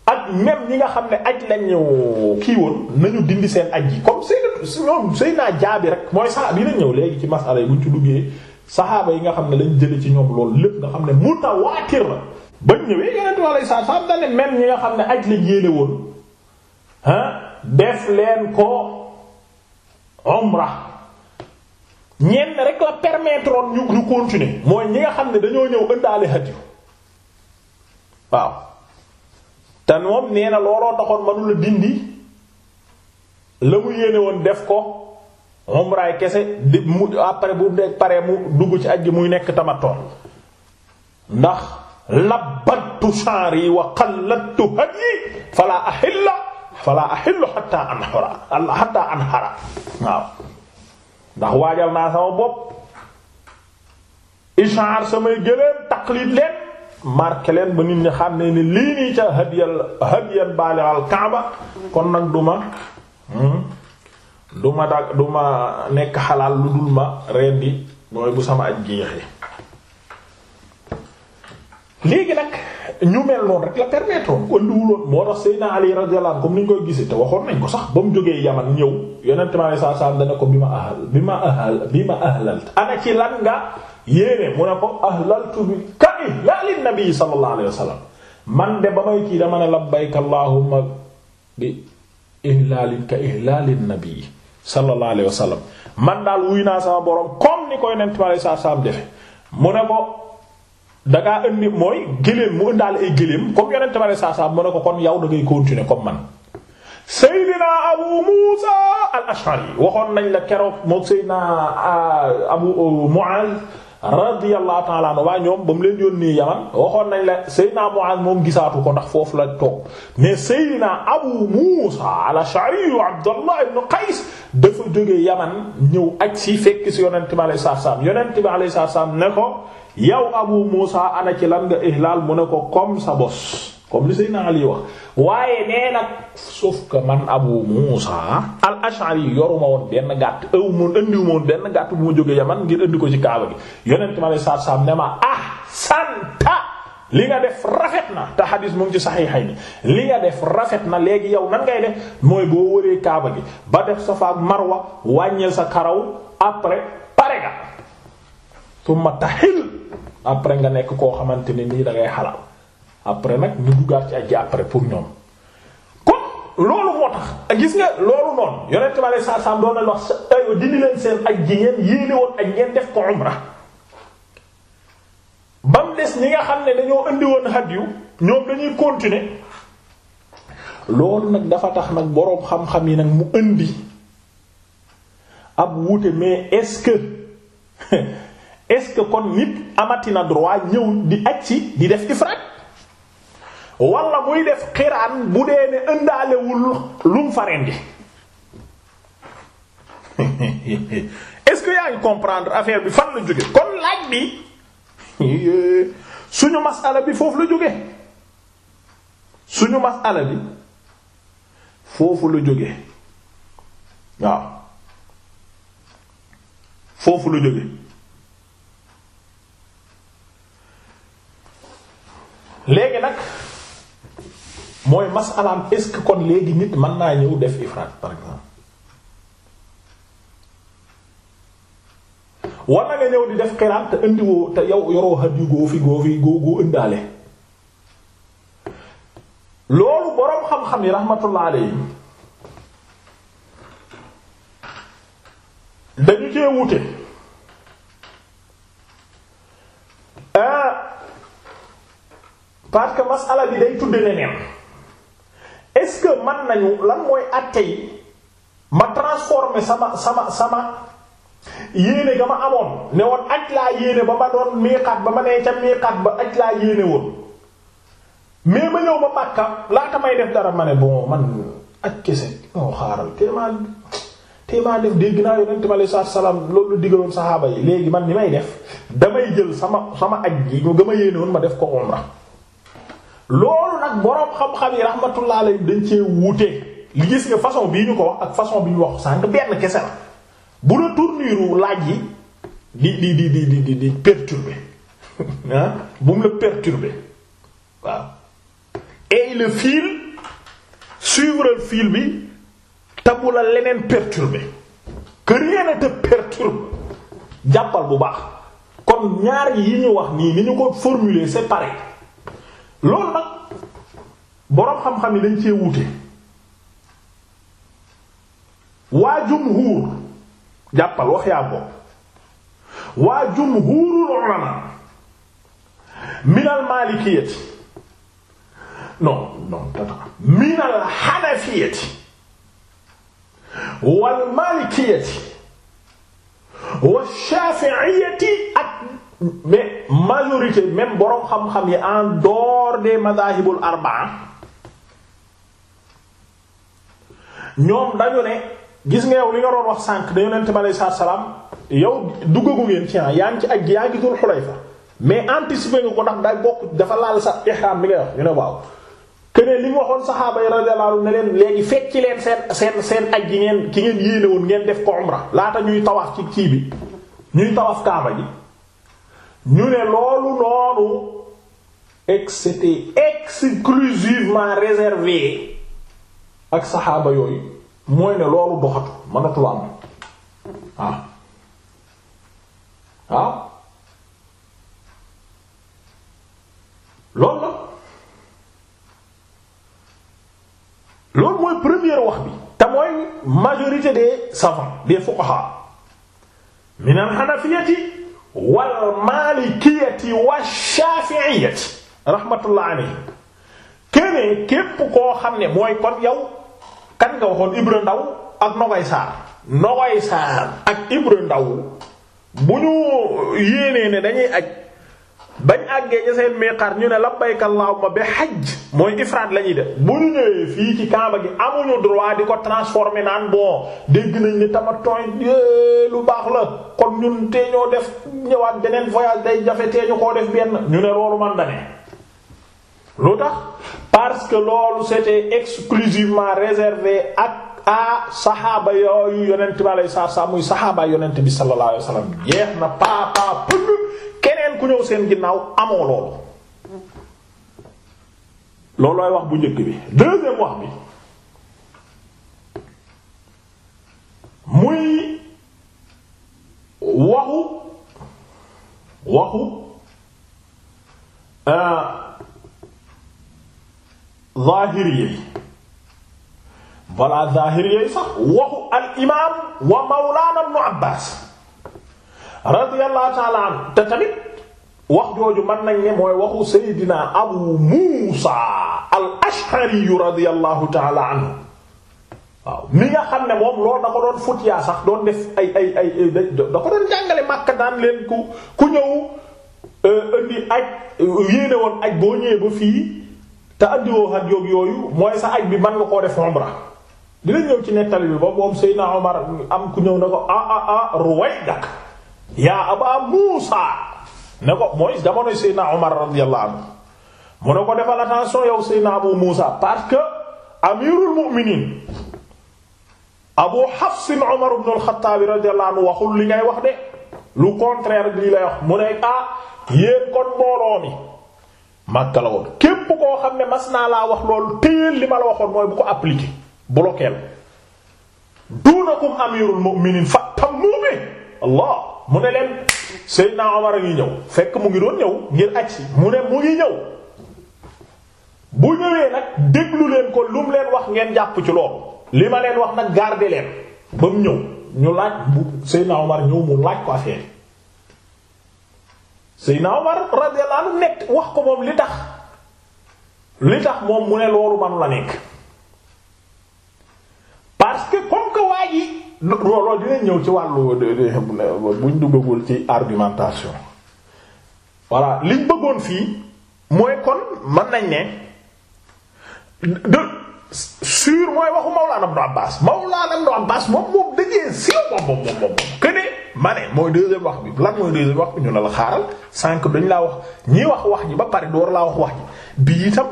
ak même ñi nga xam ne aj lañu kii woon nañu dindi seen aj yi comme Seydou ñoom Seydina rek mooy saa bi na ñëw léegi ci masala yi buñ ci duggee saxaaba yi nga xam ne lañ jële ci ñoom loolu lépp nga xam ne mutawaatir la bañ ñëwee yeneen wàllu saa saa am dañ ne même ñi nga xam ne aj la yéene woon ah def leen ko umra ñenn rek la permettre ñu ñu continuer mooy ñi nga xam ne dañoo ñëw ëndaale hadiyu waaw te moom nee na looloo taxoon mënu la dindi la mu yéene woon def ko. umraay kese di mu après bu dee pare mu dugg ci aj gi muy nekk tamattu ndax labbattu sha'ri wa qallattu hadyi fala ahilla fala ahillu hatta anhara hatta anhara waaw ndax waajal naa sama bopp ishaar samay gëléem taqlid leen marqué leen ba nit ñi xam ne ni lii nii ca hadiyal hadiyal baalighal kaaba kon nag duma hmm, du ma dag du ma nekk xalaal lu dul ma rendi mooy bu sama aj jeexee léegi nag ñu mel noonu rek la permettre woon ko ndiwuloon moo tax Seydina Ali radiyallahu anhu comme ni ñu koy gisee te waxoon nañ ko sax ba mu jógee yaman ñëw yonent ma sallallahu alayhi dana ko bi ma ahal bi ma ahal bi ma ahlalta ana ci lan nga yéene mu ne ko ahlaltu bi ka ihlali nabi sallallahu alayhi wasallam man de ba sallallahu alayhi wa man daal wuy naa sama borom comme ni koy nent bi alei satu salaam defe mu ne ko dangaa indi mooy géléem mu indaal ay géléem comme yonent bi alei satu salaam mu ne ko kon yow da ngay continuer comme man Seydina Abu Musa al-Ash'ari waxoon nañ la keroog moom Seydina euh, Abu euh, Mu'adh radiyallahu ta'ala anhu waa ñoom ba mu leen yónnee yaman waxoon nañ la Seydina Muaz moom gisaatu ko ndax foofu la toog mais Seydina Abu Musa al-Ash'ari Abdullah ibn Qays dafa jógee yaman ñëw ak si fekk si yonent bi alayhi salaatu salaam yonent bi alayhi salaatu salaam ne ko yow Abu Musa ana ci lan nga ihlaal mu ne ko comme sa bos comme li Seydina Ali wax waaye nee nag sauf que man Abu Muusa al Ash'ari yoruma woon benn gàtt ëw moon andiw moon benn gàtt bu ma jógee Yaman ngir indi ko ci kaaba gi yonent ma lay saat saam ne ma ah li nga def rafet na te xadis mu ngi ci saxiixay ni li nga def rafet na léegi yow nan ngay def mooy boo wëree kaaba gi ba def Safa ak Marwa wàññeel sa karaw après pare nga tumma tahil après nga nekk koo xamante ne nii da ngay après nag ñu duggaat ci aj gi après pour ñoom kon loolu moo tax ak gis nga loolu noon yonent ma lay saa saam doon nañ wax aywa dindi leen seen ak gi ngeen yéene woon ak ngeen def ko umra ba mu des ñi nga xam ne dañoo indi woon hadiyu ñoom dañuy continuer loolu nag dafa tax nag boroom xam-xam yi nag mu indi ab wuute mais est-ce que ce que kon nit amati na droit ñëw di aj ci di def ifraat wala muy def xiraan bu dee ne ëndaalewul lu mu fa est-ce que yaa ngi comprendre affaire bi fan la jóge kon laaj bi suñu masala bi foofu la jóge suñu masala bi foofu la jóge waaw foofu la jóge léegi nag mooy masalaam est-ce que kon léegi nit man naa ñëw def ifraat par exemple war na nga ñëw di def xiraan te indiwoo te yow yoroo xat goo fi goo fi goo goo indaale loolu boroom xam-xam yi rahmatullah alayhi dañu cee wute euh, parce que masala bi day tudde est-ce que man nañu lan mooy àtte yi ma transformer sama sama sama yéene ga ma amoon ne woon aj laa yéene ba ma doon miiqaat ba ma nee ca miiqaat ba aj laa yéene woon mais ma ñëw ba Makka laata may def dara ma ne bon man aj kese moo xaaral téemaa téemaa def dégg naa yonent bi alayhi salaatu salaam saxaaba yi léegi man ni may def damay jël sama sama aj gi ñu gëm a yéene woon ma def ko umra loolu nag boroom xam-xam yi rahmatullah alayhi dañ cee wuute li gis nga façon bii ñu ko wax ak façon bi ñu wax sant benn kese la bu la tournure laaj yi di di di di di di perturber ah bu mu la perturber waaw et le fil suivre le bi te la leneen perturber que rien te perturbe jàppal bu baax kon ñaar yi ñu wax nii ni ñu ko formuler c'est loolu nag boroom xam-xam yi dañ cee wuute waa jumhuur jàppal wax yaa bopp waa jumhuurul ulama minal maalikiyati non non tata minal xanafiyati wal maalikiyati wa shaafi'iyati mais majorité même boroom xam-xam yi en dehors des madahibul arbaa ñoom dañu ne gis nga yow li nga doon wax sànq dañu neen tamit aleyhi salaam yow duggagu ngeen ci ah, yaa ngi ci ak yaa ngi dul mais anticiper nga ko ndax day bokk dafa laal sa ihram bi nga wax ñu ne waaw. te li mu waxoon saxaaba yi radiyallahu anhum ne leen léegi fekk ci leen seen seen seen aj gi ngeen ki ngeen yéene woon ngeen def ko umra laata ñuy tawaaf ci kii bi ñuy tawaaf kaaba ñu ne loolu noonu ex c'était exclusivement réservé ak saxaaba yooyu mooy ne loolu doxatu mënatu la am waaw ah. ah. waaw loolu la loolu mooy première wax bi te mooy majorité des savants des fuqaha min al-hanafiyyati wal maalikiyati wa shaafi'iyati rahmatullah alayhi keneen képp koo xam ne mooy kon yow kan nga waxoon Ibra Ndaw ak Nogay Saar Nogay Saar ak Ibra Ndaw bu ñu yéenee ne dañuy aj bañ àggee ca seen miqaat ñu ne labbayka allahumma bi hajj mooy ifraat la ñuy def bu ñu ñëwee fii ci kaaba gi amuñu droit di ko transformer naan bon dégg nañ ni tamattu lu baax la kon ñun tee ñoo def ñëwaat beneen voyage day jafe tee ñu koo def benn ñu ne loolu man da ne lu tax parce que loolu c'était exclusivement réservé ak ah saxaaba yooyu yonent bi alayhi salaam muy saxaaba yonent bi sallallahu alayhi wasallam na paa paa keneen ku ñëw seen ginnaaw amoo loolu loolooy wax bu njëkk bi deuxième wax bi muy waxu waxu euh, zahiri yi walla zahiri sax waxu al wa mawlaana ibnu Abbaas radiyallahu ta'ala anhu tamit wax jooju mën nañ ne mooy waxu Seydina Abu Muusa al-Ash'ari radiyallahu ta'ala anhu waaw mi nga xam ne moom loolu da ko doon futiyaa sax doon def ay ay ay da ko doon jàngale Makka daan leen ku ku ñëw euh, indi woon aj boo ñëwee ba fii te andiwoo ak yooyu mooy sa aj bi mën nga koo def umra dina ñëw ci nettali bi ba moom Seydina am ku ñëw na ko ah ah ah Ruwaydak yaa Aba Muusa ne ko mooy jamonoy Seydina Omar radiyallahu anhu mu ne ko defal attention yow Seydina Abu Muusa parce que amirul mu'minin Abu Hafs Omar ibn al radiyallahu waxul li ngay wax de lu contraire bi lay wax mu ne ah yéen kon mbooloo mi Makka la woon képp koo xam ne mas naa laa wax loolu téyeel li ma la waxoon mooy bu ko appliquer bloquer dunakum amirul mu'minin fa tam muumi Allah mu ne leen Seydina Omar a ngi ñëw fekk mu ngi doon ñëw ngir aj si mu ne mu ngi ñëw bu ñëwee nag déglu ko lu mu leen wax ngeen jàpp ci loolu li ma leen wax nag garder leen ba mu ñëw ñu laaj bu Seydina Omar ñëw mu laaj ko affaire Seydina Omar radiyallahu anhu nekk wax ko moom li tax li tax moom mu ne loolu manu la nekk parce que comme que waa ji loolu dinañ ñëw ci wàllu bu buñ duggagul ci argumentation voilà liñ bëggoon fii mooy kon mën nañ ne de sur mooy waxu Mawlana Ibn Abbas Mawlana Ibn Abbas moom moom dëggee siiw moom moom moom que ne ma ne mooy deuxième wax bi lan mooy deuxième wax bi ñu ne la xaaral sànq dañ laa wax ñii wax wax ñi ba pare door laa wax wax ji bii itam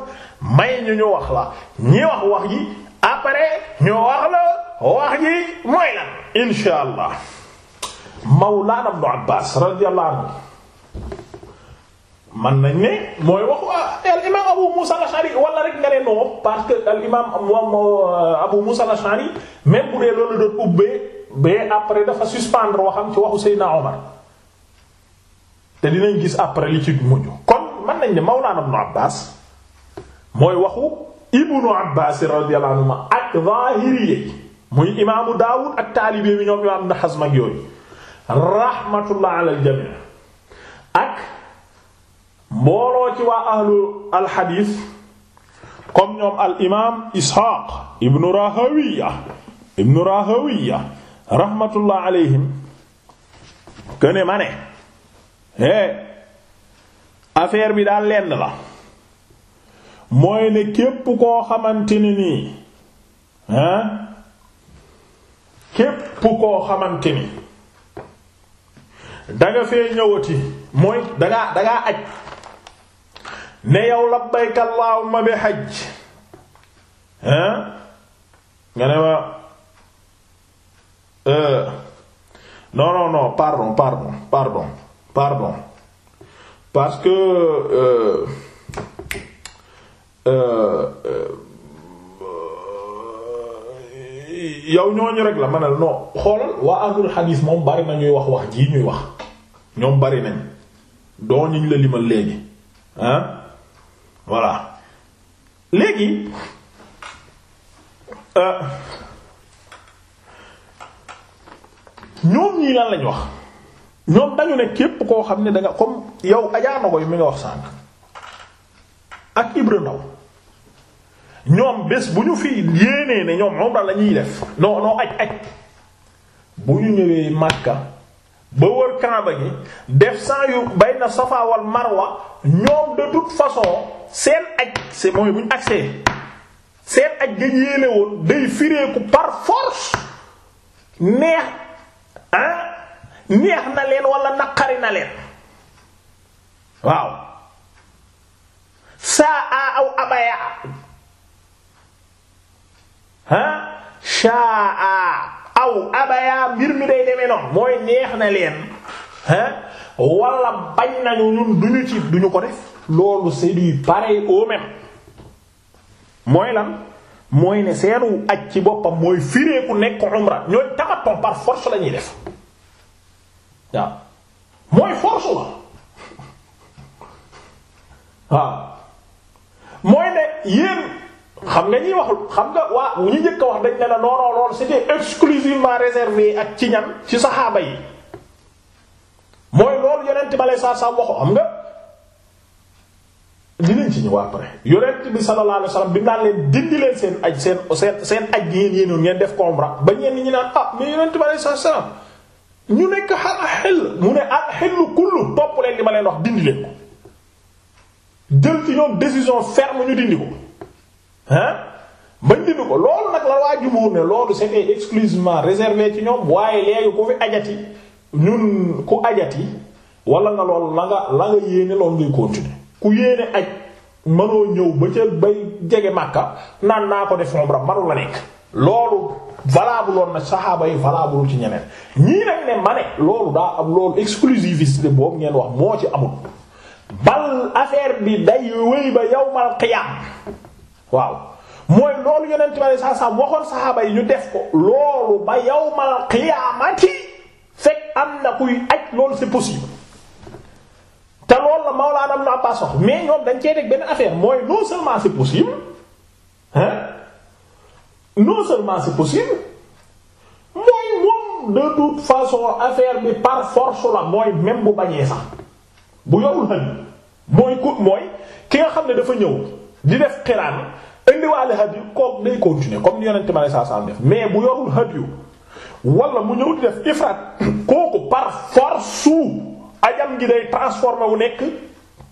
may ñu ñu wax la ñii wax wax ji après ñu wax la. wax ji mooy lan insha allah mawlaana ibnu abbaas radiyallahu anhu man nañ ne mooy waxu ah, al abu muusa al-ashari wala ne parce que al imaam euh, abu muusa al bu dee loolu doon ubbee bee après dafa suspendre waxam ci waxu seydna omar te dinañ gis après li ci mujj kon man nañ ne mawlaana ibnu abbaas mooy waxu ibnu abbaas radiyallahu anhu ak zaahiri muy imaamu Daawud ak taalibe bi ñoom imaam Ibn Hazm ak yooyu rahmatullah alal jamii ak mbooloo ci waa ahlu alxadiis comme ñoom al imaam Isxaaq ibnu Rahawiya ibnu Rahawiya rahmatullah alayhim hee affaire bi daal lenn la mooy ne képp koo xamante ne nii hein képp koo xamante ni danga fee ñëwati mooy dangaa dangaa aj ne yow labbayka allahumma bi hajj nga ne ma euh, non non non pardon pardon pardon parce que euh, euh, euh yow ñooñu rek la ma ne la xoolal waa ahlul xadiis moom bari na ñuy wax wax jii ñuy wax ñoom bari nañ doo ñu la limal léegi ah voilà léegi euh, ñoom ñii lan lañ wax ñoom dañu ne képp koo xam ne da nga comme yow ajaana ko yi mi ngi wax sànq ak Ibra Ndaw ñoom bés bu ñu fi yéenee ne ñoom umra la ñuy def non non aj aj bu ñu ñëwee Makka ba wër Kaaba gi def saa yu bayna Safa wal Marwa ñoom de toute façon seen aj c'est mooy bu ñu accès seen aj ga yéene day fireeku par force neex neex na leen wala naqari na leen waaw saa aw abaya ha shaa aw abaya mbir mi day demee noonu mooy neex na leen ah wala bañ nañu ñun duñu ci duñu ko def loolu c'est du pareil au même mooy lan mooy ne seenu ak ci boppam mooy fireeku nekk umra ñooy tamatton par force la def mooy force la mooy ne yéen xam nga ñuy wax xam nga waa ñu njëkk a wax dañ ne la non non lool c'était exclusivement ci ñan ci saxaaba yi loolu yonent ba lay saa saa waxu am nga. dinañ ci ñëw après bi sallallahu dindi leen seen aj seen seen seen aj gi ngeen yéenoon ngeen def umra ba ñenn ñi naan ah mais yonent bi sallallahu alayhi wasallam ñu nekk mu ne ah xellu kullu topp leen ma leen wax dindi leen ko jël ci ñoom décision ferme ñu dindi ko. ah ba ndinu ko loolu nag la waa jumóor ne loolu c'était exclusivement réservé ci ñoom waaye léegi ku fi ajati ñun ku ajati wala nga loolu la nga la nga yéene loolu ngay continuer ku yéene aj mënoo ñëw ba ca bay jege màkka naan naa ko def umra manu la nekk loolu valable woon na saxaaba yi valable ci ñeneen ñii nag ne ma loolu daa am loolu exclusivité boobu ngeen wax moo ci amul bal affaire bi day wéy ba yawmal qiyaam waaw mooy loolu yonent bi saa saa waxoon saxaaba yi ñu def ko loolu ba yawmal qiyaamati fekk am na kuy aj loolu c'est possible te lool la Mawlaana Ibn Abbaas wax mais ñoom dañ cee teg benn affaire mooy non seulement si possible hein non seulement c'est possible mooy moom de façon affaire bi par force la mooy même bu bañee sax bu yorul xel mooy ku mooy ki nga xam ne dafa ñëw. di def xiraan indiwaale hadiyu kooku day continuer comme ni yonente ma lay saa def mais bu yorul hadiyu wala mu ñëw di def ifraat kooku par ajam gi day transformé bu nekk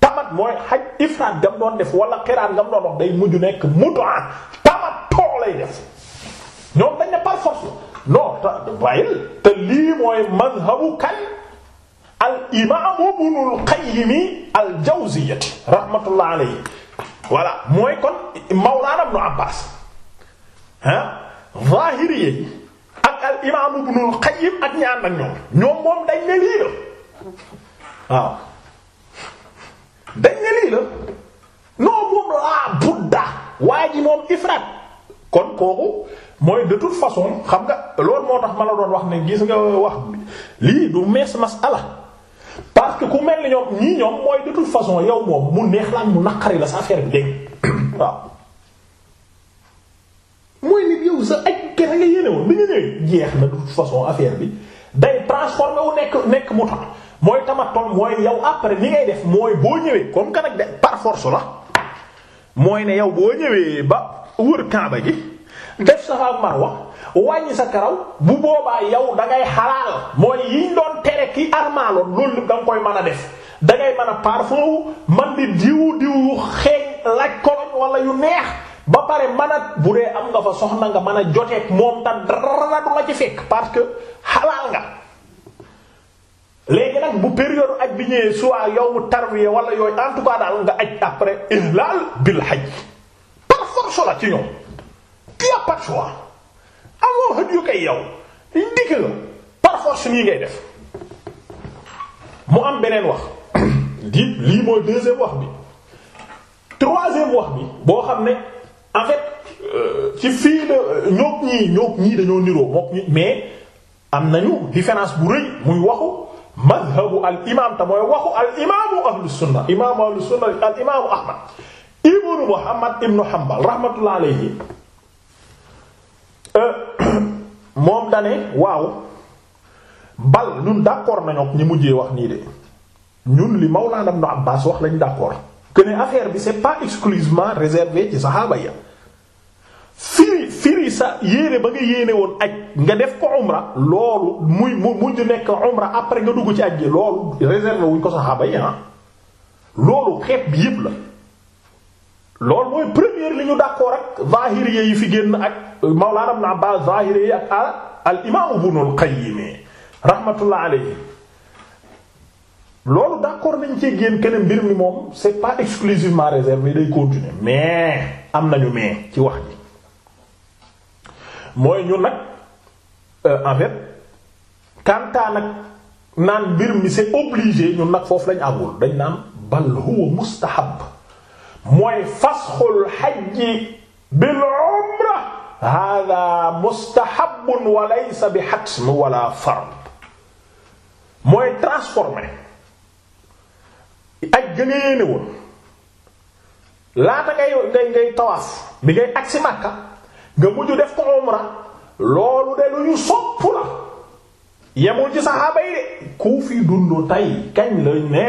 tamat mooy xaj ifraat gam doon def wala xiraan gam doon wax day mujj nekk mutaa tamat too lay def ñoom dañ ne par force te bàyyil te lii mooy mazhabu al imaamu ibnul qayyim al jawziyyah rahmatullah alayhi voilà mooy kon Mawlaana Ibnu Abbaas ah Zaahiri ak al imaam Ibnul Qayyim ak ñaan ak ñoom ñoom moom dañ ne lii la waaw dañ ne lii la non moom laa budda waa ji moom ifrat kon kooku mooy de toute façon xam nga loolu moo tax ma la doon wax ne gis nga wax lii du mees masala parce que ku mel ni ñoom ñii mooy de toute façon yow moom mu neex la mu naqari la sa affaire bi dégg waaw mooy nit yow sa aj kese nga yéene woon bi nga jeex na de toute façon affaire bi day transformé wu nekk nekk mu tax mooy tamatoon mooy yow après ni ngay def mooy boo ñëwee comme que nag de par la mooy ne yow boo ñëwee ba wër Kaaba gi def Safa ak Marwa wàññi sa karaw bu boobaa yow da ngay xalaal mooy yiñ doon tere ki armaaloon loolu da koy mën a def da ngay mën a parfum man di diwu diwu xeeñ laaj koloñ wala yu neex ba pare man a bu dee am nga fa soxna nga mën a joteeg moom ta la ci fekk parce que xalaal nga léegi nag bu période aj bi ñëwee soit yow mu tarwiya wala yooyu en tout daal nga aj après ihlal bil hajj par force ci ñoom tu as pas amoo xët yu koy yow ndikk la mu am beneen wax di lii mooy deuxième wax bi troisième wax bi boo xam ne en fait euh, ci fii de ñoog ñii ñoog ñii dañoo niroo mook ñi mais am nañu différence bu rëy muy waxu madhabu al imam te waxu al ahlu sunna imaamu ahlu sunna al ahmad ibnu muhammad ibnu hanbal rahmatullah alayhi euh, moom dane waaw bal ñun d'accord nañu ak ñi mujjee wax nii de ñun li Mawlana Ibn Abbas wax lañu d'accord que ne affaire bi c'est pas exclusivement réservé ci saxaaba ya firi firi sa yéene ba nga yéene woon ak nga def ko umra loolu muy mu mujj nekk umra après nga dugg ci aj ji loolu réservé wuñ ko saxaaba ya loolu xeet bi yëpp la loolu mooy première li ñu d'accord ak zahiriyya yi fi génn ak Mawlana Ibn Abbas zahiriyya yi ak al imaam Ibn al-Qayyim rahmatullah alayhi loolu d'accord nañ ci génn keneen mbir mi moom c'est pas exclusivement réservé day continuer mais am na ñu mais ci wax ji mooy ñun nag euh, en fait kantaa nag naan mbir mi c'est obligé ñun nag foofu lañ àggul dañ naan bal huwa mustahab mooy fasxul xajji bi hatm wala fard mooy transformer aj gëna yéene woon laata ngay ngay ngay Makka nga mujj def ko umra loolu de lu ñu sopp la yemul ci saxaaba yi de ku fi dund tey kañ lañ ne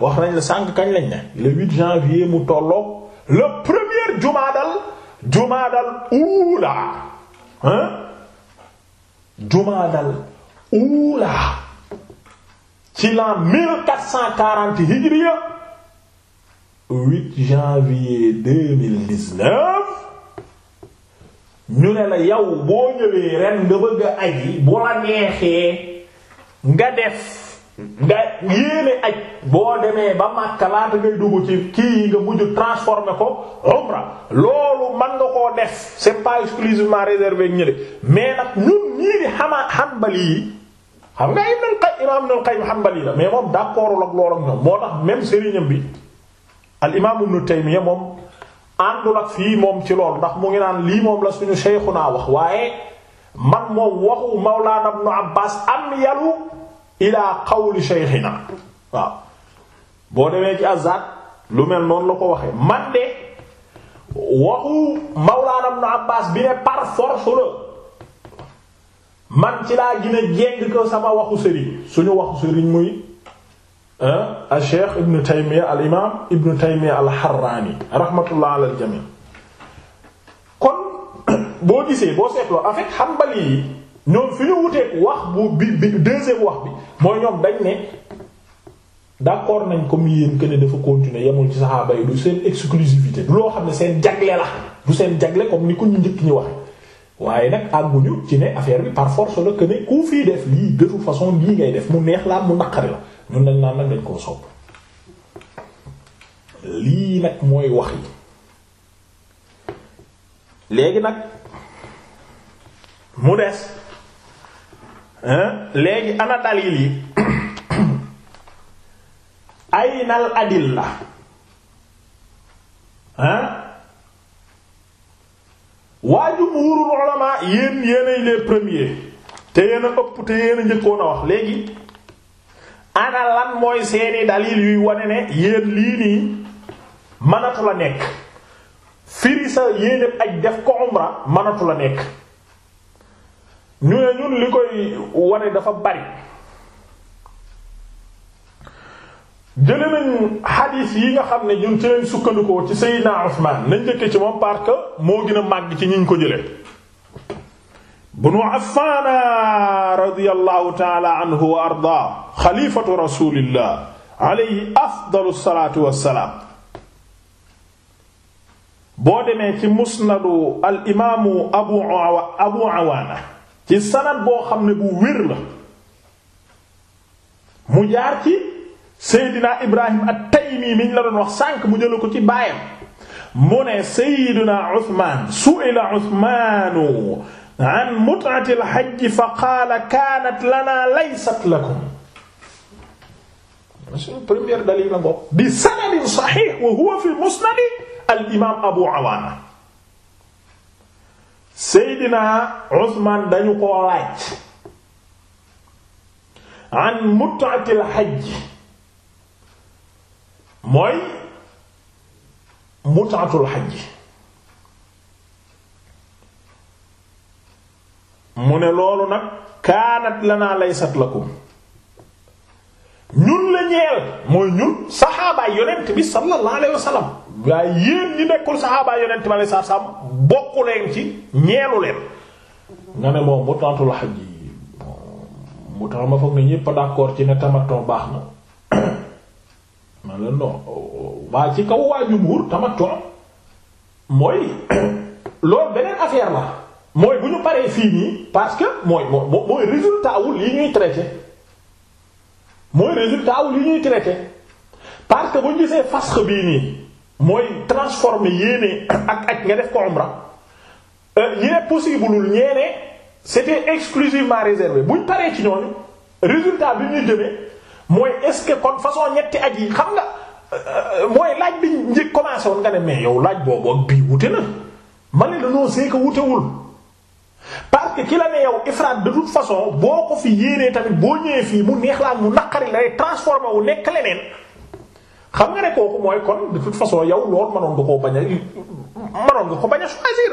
wax nañ la sànq kañ lañ ne le janvier mu tolloog le premier jumaadal jumaadal uula hein jumaadal uula janvier ñu ne la yow boo ñëwee ren nga bëgg a aji bu la neexee nga def nga yéene aj boo demee ba Makka laata ngay dugg ci kii yi nga mujj transformer ko umra loolu mën nga koo def c'est pas exclusivement réservé ñële mais nag ñun ñii di xamaa yi xam nga Ibn al-Qayyim imaam Ibn al-Qayyim Hanbali la mais moom d'accordul ak fii moom ci loolu ndax mu ngi naan lii moom la suñu Shaykhuna wax waaye man moom waxu Mawlana Ibn Abbas am yalu ilaa qawli shaykhina waaw boo demee ci azad lu mel noonu la ko waxee man de waxu mawlaana ibn Abbaas bi ne par force la man ci laa gën a ko sama waxu sëriñ suñu waxu sëriñ muy al cheikh ibn Taymiyya al imaam ibn Taymiyya al Harraani rahmatullah ala al jamii kon boo gisee boo seetloo en fait Hanbali yi ñoom fi ñu wuteeg wax bu bi bi deuxième wax bi mooy ñoom dañ ne d'accord nañ comme yéen que ne dafa continuer yemul ci saxaaba yi du seen exclusivité du loo xam ne seen jagle la du seen jagle comme ni ko ñu njëkk ñu waxe waaye nag àgguñu ci ne affaire bi par force la ku fii def lii de toute façon lii ngay def mu neex la mu naqari la ñun dañ naan nag dañ koo sopp lii nag mooy wax léegi nag mu des. léegi ana dalil yi aynal adilla ah waa jumhuurul ulama yéen yéenay les premiers te yéen a ëpp te yéen a njëkkoon a wax léegi ana lan mooy seeni dalil yuy wane ne yéen lii nii mënatu la nekk firi sa yéen def ko umra mënatu la nekk ñu ne ñun li koy wane dafa bari jële nañ xadiis yi nga xam ne ñun ci lañ sukkandikoo ci Seydina Usmaan nañ njëkke ci moom parce que moo gën a màgg ci ñiñ ko jële bunu Affaana radiyallahu taala anhu wa ardaa xalifatu rasulillah alayhi afdalu salaatu wassalaam boo demee ci musnadu al imaamu abu awaana ci sanad boo xam ne bu wér la mu jaar ci seydina ibrahim at-taymi mi ñu la doon wax sànq mu jëla ko ci baayam mu ne seydina uthman su'ila uthmanu an mut'ati al-hajj fa qaala kaanat lana laysat lakum suñu première dalil la ngoog bi sanadin sahih wa huwa fi musnad al-imam abu awaana seydina Usmaan dañu koo laaj mooy mut'atul hajj mu ne loolu nag kaanat lanaa laysat lakum ñun la ñeel mooy ñun saxaabaay yonent bi sallallahu alayhi wa waaye yéen ñi nekkul saxaaba yonent ma lay sax sax bokku ci ñeenu leen. nga ne moom mutaatul xaj yi mu tax ma foog ne ñépp d'accord ci ne tamattu baax na ma la non waa ci kaw waa jumhur tamattu mooy loolu beneen affaire la mooy bu ñu paree fii nii parce que mooy mooy résultat wu lii ñuy traité mooy résultat wu lii ñuy traité parce que bu ñu gisee fasx bii nii. mooy transformer yéene ak aj nga def ko umra yi euh, ne possibleul ñeene c'était exclusivement réservé buñ paree ci ñooñu résultat bi ñu jëmee mooy est-ce que kon façon ñetti ak yi xam nga euh, euh, mooy laaj bi njëkk commencé woon nga ne mais yow laaj boobu ak bii wute na ma ne la non c'est wutewul parce que ki la ne yow ifrad de toute façon boo ko fi yéenee tamit boo ñëwee fii mu neex la mu naqari lay transformé wu nekk leneen. xam nga ne kooku mooy kon de toute façon yow loolu mënoon nga koo bañ a mënoon nga ko bañ a choisir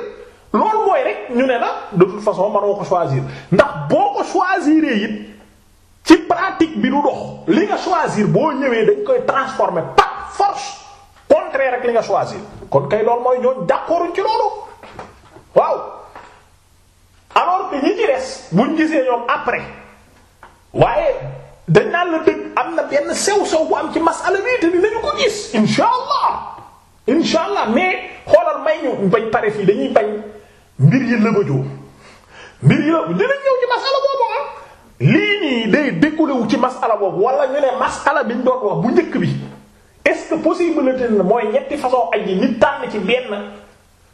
loolu mooy rek ñu ne na de toute façon mënoo ko choisir ndax boo ko choisir it ci pratique bi du dox li nga choisir boo ñëwee dañ koy transformer par force contraire rek li nga choisir kon kay loolu mooy ñoo d'accorduñ ci loolu waaw alors que ñi ci des buñ gisee ñoom après waaye. dañ naan la dëgg am na benn sew-sew bu am ci masala bi te dinañu ko gis insha allah insha allah mais xoolal may ñu bañ pare fii dañuy bañ mbir yi lëbëjoo mbir yi lëb dinañ ñëw ci masala boobu am ah. lii nii day découlé ci masala boobu wala ñu ne masala biñ doon wax bu njëkk bi est-ce que possibilité mooy ñetti façon aj yi nit tànn ci benn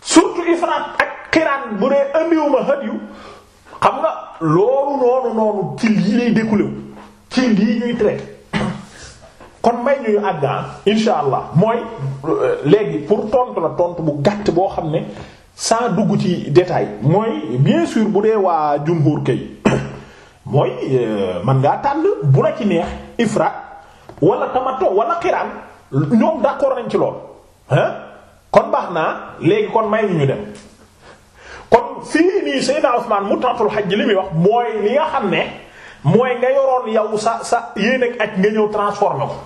surtout ifraat ak xiraan bu dee indiwuma hadiyu xam nga loolu noonu noonu ci lii lay découlé ci lii ñuy traité kon may ñuy àggaan ah, insha allah mooy euh, léegi pour tontu la tontu bu gàtt boo xam ne saa dugg ci détail mooy bien sûr bu dee waa jumhur kay mooy euh, man ngaa tànn bu la ci neex ifrat wala tamato wala xiraan ñoom d'accord nañ ci lool hein kon baax naa léegi kon may ñu dem kon fii nii Seydina Usmaan mut'atul hajj li muy wax mooy li nga xam ne mooy nga yoroon yow sa sa yéen ak aj nga ñëw transformé ko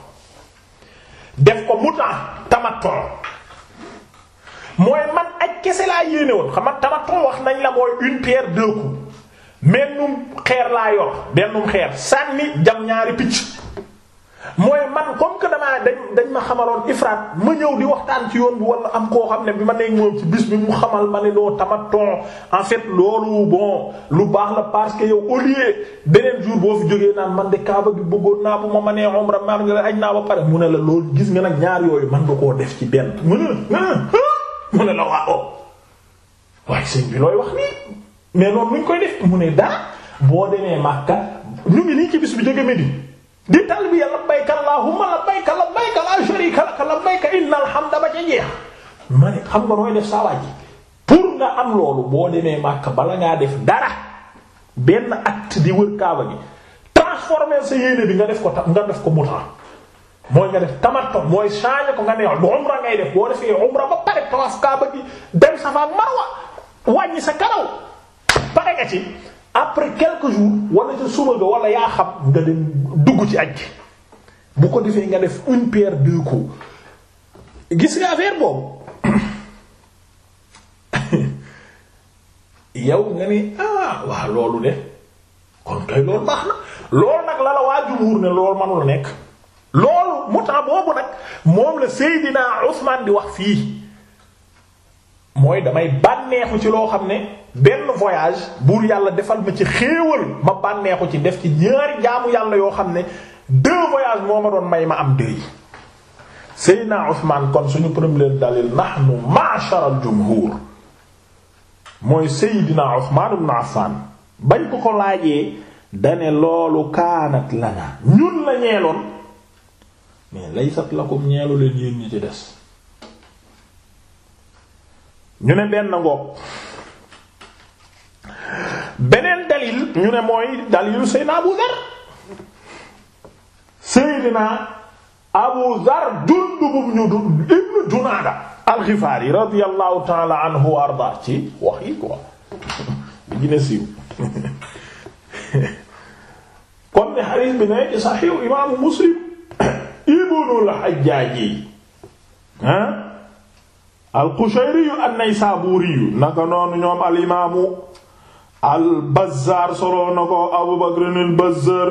def ko muta tamattu mooy man aj kese laa yéene woon xam nga wax nañ la mooy une pierre deux coups xeer laa yor bennum xeer sànni jam ñaari picc mooy man comme que damaa dañ dañ ma xamaloon ifraat ma ñëw di waxtaan ci yoon bi wala am koo xam ne bi ma ne moom ci bis bi mu xamal ma ne doo tamaton en fait loolu bon lu baax la parce que yow au lieu beneen boo fi jógee man de kaaba bëggoon naa bu ma manee umra maa ngi aj naa ba pare mu ne la loolu gis nga nag ñaar yooyu man nga koo def ci benn mu ne mu ne la waaw waaye sëñ bi looy wax nii mais noonu nuñ koy def mu ne daa boo demee Makka ñu ngi nii ci bis bi jóge Medina di talbiya labbayka allahumma labbayka labbayka la sharika laka labbayka innal hamda ba ca jeex ma ne xam nga nooy def saa waaj pour nga am loolu boo demee Makka bala ngaa def dara benn acte di wër Kaaba gi transformer sa yéene bi nga def ko nga def ko mutaa mooy nga def tamattu mooy changer ko nga ne bu umra ngay def boo defee umra ba pare tawaaf Kaaba gi dem Safa Marwa wàññi sa karaw pare nga ci. après quelques jours wala ca suba ga wala yaa xam nga dem dugg ci aj bu ko defee nga def une pierre deux coups gis nga affaire boobu yow nga ni ah waa loolu de kon kay loolu baax na loolu nag la la waa jumhur ne loolu manula nekk loolu muta boobu nag moom la Seydina Usman di wax fii mooy damay bànneexu ci loo xam ne benn voyage buur yàlla defal ma ci xéewal ma bànneexu ci def ci ñaari jaamu yàlla yoo xam ne deux voyages moo ma doon may ma am deux yi Seydina Ousmane kon suñu premier dalil nahnu ma'shar al-jumhur mooy Seydina Ousmane ibn Affan bañ ko ko laajee dane loolu kaanat lana ñun la ñeeloon mais laysat lakum ñeelu leen yéen ñi ci des ñu ne benn ngoog beneen dalil ñu ne mooy dalilu Seydina Abu Zar Seydina Abu Zar Jundub ibn Junaada al-Xifaari radiyallahu ta'ala anhu wa ci wax yi quoi li gën a siiw kon ne Muslim ibnul Hajjaaji ah, al-Qushayri an-Naysaburi naka noonu ñoom al imaamu al-Bazzar solo na ko Abu Bakr al-Bazzar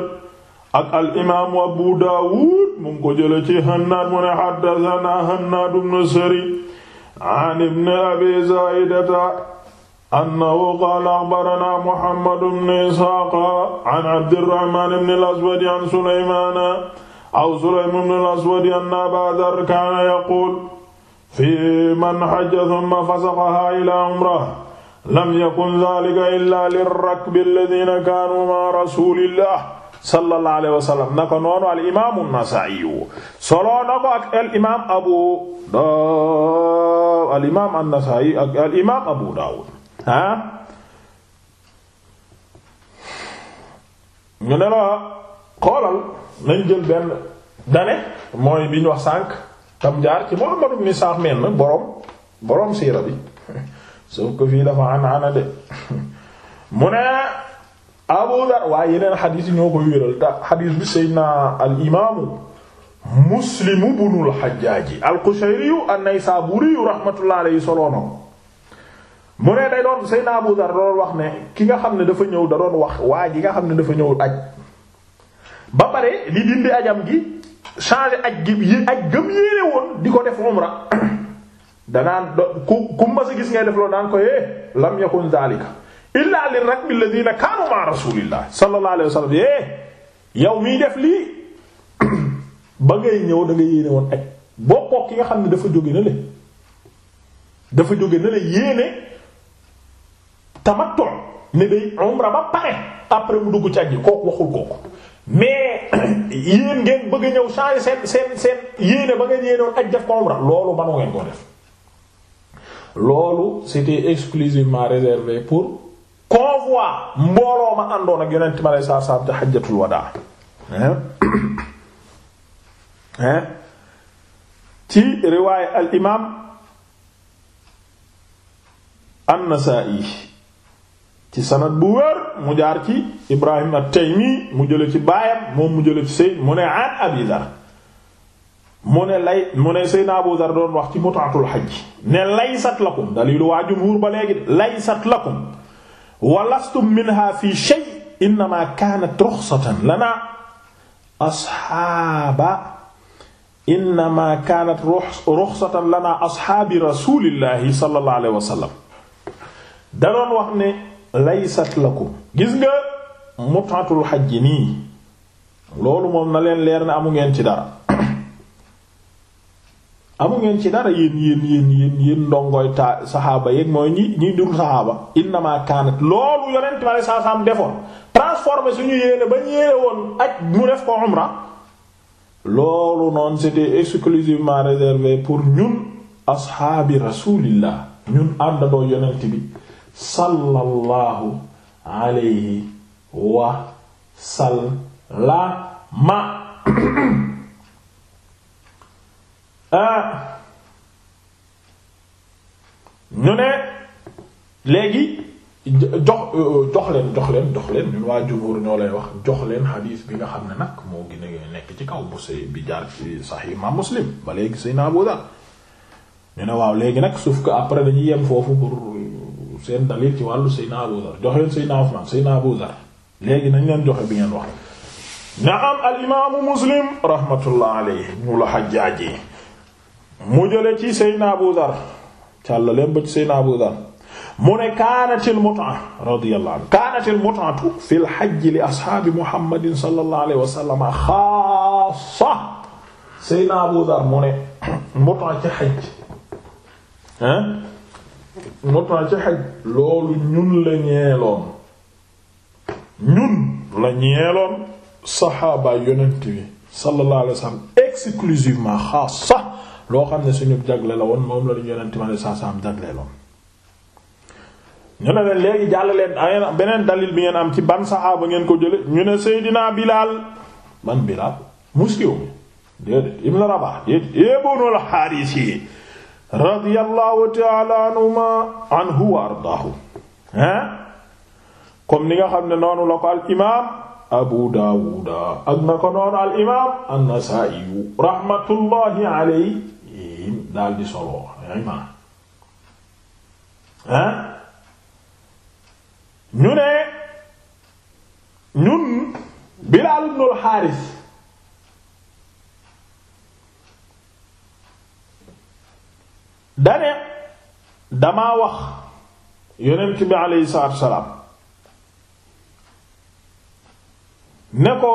ak al imaamu Abu Dawud mu ngi ko jëlee ci Hannaad mu ne haddathana Hannaad ibn Sari an ibn Abi Zaydata annahu qaala axbarana Muhammad ibn Ishaaq an Abdirrahmaan ibn al-Aswad an Sulaymaan aw Sulaym ibn al-Aswad anna Abaa Dharr kaana yaquul fii man hajja thumma fasaxahaa ilaa umrah lam yakun dhaalika illaa lirrakbi allaziina kaanuu ma'a rasuulillah sallallahu alayhi wa sallam naka noonu al imaamu Nasaa'i solo na ko ak al imaam Abu al imaam an-Nasaa'i ak al imaam Abu Daawud ah. ñu ne la xoolal nañ jël benn dane mooy bi ñu wax sànq. tam jaar ci Muhammad ibn Isaaq menn borom borom siira bi sauf que fii dafa an ana de mu ne Abu Dar waaye yeneen xadiis yi ñoo ko wéral ta xadiis bi Seydina al imaamu Muslim ibnul Hajjaaj al-Qushayri an-Naysaburi rahmatullahi soloonam mu ne day doon Seydina Abu Dar doon wax ne ki nga xam ne dafa ñëw da doon wax waa ji nga xam ne dafa ñëw aj ba pare li dindi ajam gi changer ak gi yi aj gëm yéene di ko def umra danaan ku ku mas a gis ngay def loolu daan koy eh lam yakun zalika illa li rakbi alladhina kaanu ma rasulillah sallallahu alayhi wasallam eh yow miy def lii ba ngay ñëw da nga yéene woon aj bokkoo ki nga xam ne dafa jóge na le dafa jóge na le yéene tamattu ne day umra ba pare après mu dugg ci aj gi kooku waxul kooku mais yéen ngeen bëgg ñëw changer seen seen seen yéene ba ngeen yéenoon aj def ko umra loolu manu ngeen ko def loolu c'était exclusivement réservé pour convoi mbooloo ma àndoon ak yonent ma lay saa te xajjatul wadaa hein hein ci riwaaya al imaam an-Nasaa'i ci sanad bu wér mu jaar ci Ibrahim at-Taymi mu jële ci baayam moom mu jële ci Seyd mu ne an Abi Dar mu ne lay mu ne Seydina Abu Dar doon wax ci mutaatul xaj ne laysat lakum dalilu waa jumhuur ba léegi laysat lakum wa lastum minha fi shay innama kaanat ruxsatan lanaa asxaaba innama kaanat ruxsatan lanaa asxaabi rasuulillahi sallallahu alayhi wa sallam da doon wax ne laysat ko gis nga mut'atul xaj nii loolu moom na leen leer ne amu ngeen ci dara amu ngeen ci dara yéen yéen yéen yéen yéen taa saxaaba yeeg mooy ñi ñi dul saxaaba innama kaanat loolu yonent ma le saasaam defoon transformé suñu yéene ba ñu yéene woon ak mu def ko umra loolu noonu c'était exclusivement réservé pour ñun asxaabi rasulillah ñun àndandoo yonent bi sallallahu alayhi wa sallama ah. ñu ne léegi jox euh, jox leen jox leen jox leen ñun waa jumhur ñoo lay wax jox leen xadiis bi nga xam ne nag moo gën a nekk ci kaw bu sëy bi jaar ci sax Imam Muslim ba léegi Seydina Abu Dar ñu ne waaw léegi nag sauf que après dañuy yem foofu pour seen dalil ci wàllu Seydina Abu Dhar joxeen Seydina Usmaan Seydina Abu Dhar léegi nañ leen joxe bi ngeen wax na am al imaamu Muslim rahmatullah alayhi mu la Hajjaaji mu jële ci Seydina Abu Dhar càllaleem ba ci Seydina Abu Dhar mu ne kaanatil mut'a radiyallahu anhu kaanatil mut'atu fil hajji li ashaabi Muhammadin sallallahu alayhi wa sallam xaassa Seydina Abu Dhar mu ne mut'a ci hajj muta ci xaj loolu ñun la ñeeloon ñun la ñeeloon saxaaba yonent bi sallallahu alayhi wasallam exclusivement xaas sax loo xam ne suñu jagle la woon moom la ñu yonent ma ne saa saam jagleeloon ñu ne leen léegi jàll leen a beneen dalil bi ngeen am ci ban saxaaba ngeen ko jële ñu ne Seydina Bilaal man Bilaal muskiw mi déedéet ibn Rabah déedéet ibnul Haaris radiyallahu taala anhuma anhu wa ardaahu hein comme ni nga xam ne noonu la ko al imaam abu daawuda ak na ko noonu al imaam an-nasaa'i rahmatullahi alayhim daal di solo imaam hein ñu ne ñun bilaal ibnul xaaris dane damaa wax yonent bi aleyhi salaatu wa salaam ne ko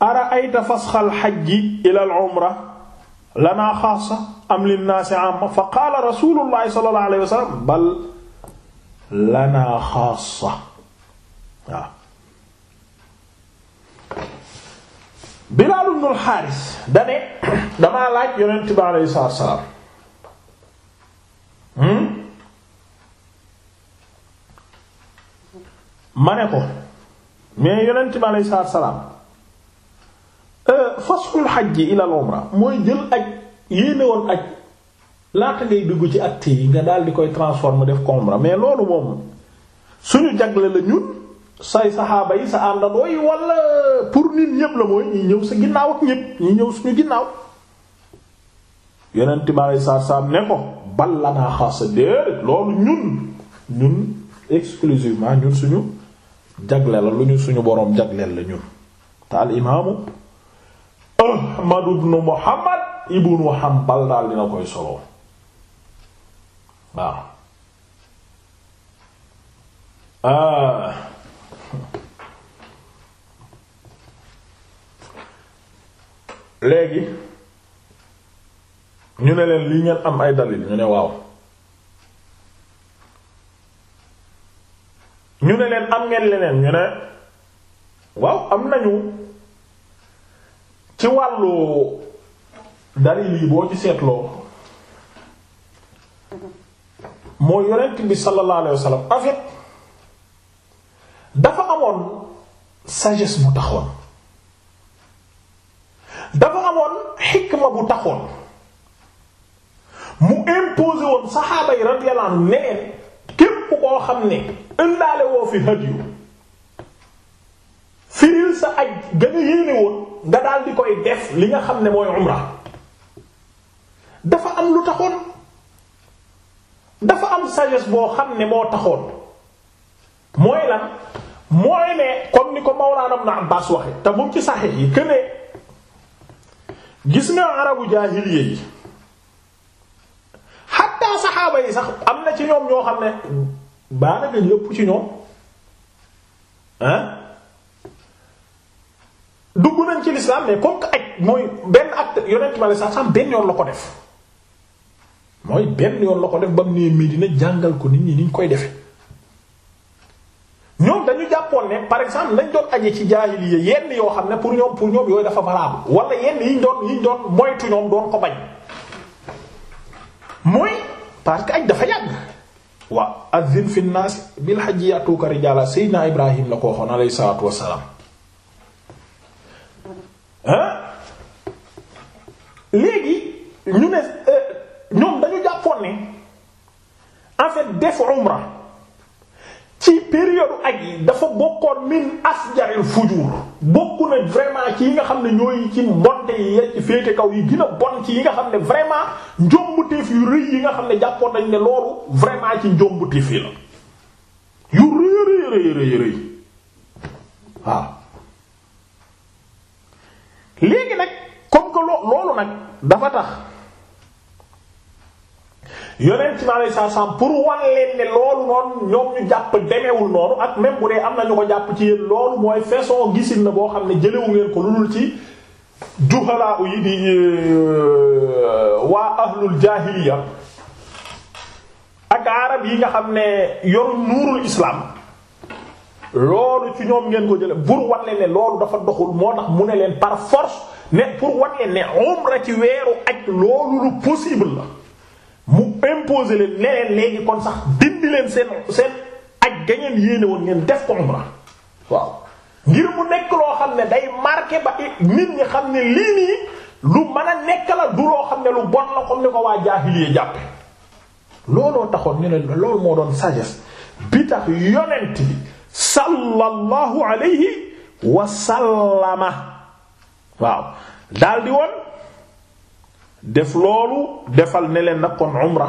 ara ayta fasxal xajji ilal umra lanaa xaasa am linnaasi amma fa qaala rasuulullahi sallallahu alayhi wa sallam bal lanaa xaasa waaw Bilaal ibnul Xaaris da ne damaa laaj yonent bi alayhi salaatu salaam hmm? ma ne ko mais yonent bi alayhi salaatu salaam euh, fasul xajji ilal umra mooy jël aj yéene woon aj laata ngay dugg ci at yi nga daal di koy transformer def ko umra mais loolu moom suñu jagle la ñun. say saxaaba yi sa àndandoo yi wala pour nit ñépp la mooy ñi ñëw sa ginnaaw ak ñépp ñi ñëw suñu ginnaaw yeneen tibaare saar saar ne ko bal la naa xaasa déedéet loolu ñun ñun exclusivement ñun suñu jagle la lu ñu suñu boroom jagleel la ñun te al imaamu ahmad ibnu muhammad ibnu hanbal daal dina koy solo waaw ah. léegi ñu ne leen lii ngeen am ay dalil ñu ne waaw ñu ne leen am ngeen leneen ñu ne waaw am nañu ci wàllu dalil yi boo ci seetloo moo yonent bi sallallahu alayhi wasallam en fait dafa amoon sagesse bu taxoon dafa amoon xikma bu taxoon mu imposé woon saxaaba yi radiyallahu képp koo xam ne indaale woo fi hadiyu firil sa aj gën a yéene woon nga daal di koy def li nga xam ne mooy umra dafa am lu taxoon dafa am sages boo xam ne moo taxoon mooy lan mooy ne comme ni ko Mawlaana Ibn Abbaas waxe te mu ci saxiix yi que gis nga arabu jaahiliya yi xatta saxaaba yi sax am na ci ñoom ñoo xam ne baana nga lépp ci ñoom ah dugg nañ ci lislaam mais comme que ak mooy benn acte yonent ma sax sax benn yoon la ko def mooy benn yoon la ko def ba mu nee Medina jàngal ko nit ñi ni ñu koy defe ñoom dañu jàppoon ne par exemple lañ doon aje ci jaahiliya yenn yoo xam ne pour ñoom pour ñoom yooyu dafa valable wala yenn yiñ doon yiñ doon moytu ñoom doon ko bañ mooy parce que aj dafa yàgg waaw azzin fi naas bil yi yatuuka rijaala seydina ibrahim la ko waxoon alayhi salaatu wassalaam léegi ñu ne euh, ñoom dañu jàppoon ne en def umra ci période ak yi dafa bokkoon min asjaril fujur bokk na vraiment ci yi nga xam ne ñooy ci mbonte yi ya féete kaw yi gën a bon ci yi nga xam ne vraiment njombuteef yu rëy yi nga xam ne jàppoon nañ ne loolu vraiment ci njombuteef yi la yu rëy rëy rëy rëy waaw léegi nag comme que loolu nag dafa tax yonent mi alayhi salaam pour wan leen ne loolu noonu ñoom ñu jàpp demewul noonu ak même bu dee am na ñu ko jàpp ci yéen loolu mooy façon gisin na boo xam ne jëlewu ngeen ko lu dul ci yi di euh, waa ahlul jaahiliya ak yi nga xam ne yoru nuurul ci ñoom ngeen ko jële pour wan ne loolu dafa doxul moo tax mu ne leen par force ne pour wan leen ne umra ci weeru aj loolu lu possible la mu imposer leen leneen léegi kon sax dindi leen seen seen aj ga ngeen yéene woon ngeen def ko umra waaw ngir mu nekk loo xam ne day marqué ba nit ñi xam ne lii nii lu mën a nekk la du loo xam ne lu bon la comme ni ko waa jaahiliya jàppe looloo taxoon ñu ne loolu moo doon sagesse bi tax yonent bi sallallahu alayhi wa sallama waaw daldi woon def loolu defal ne leen nag kon umra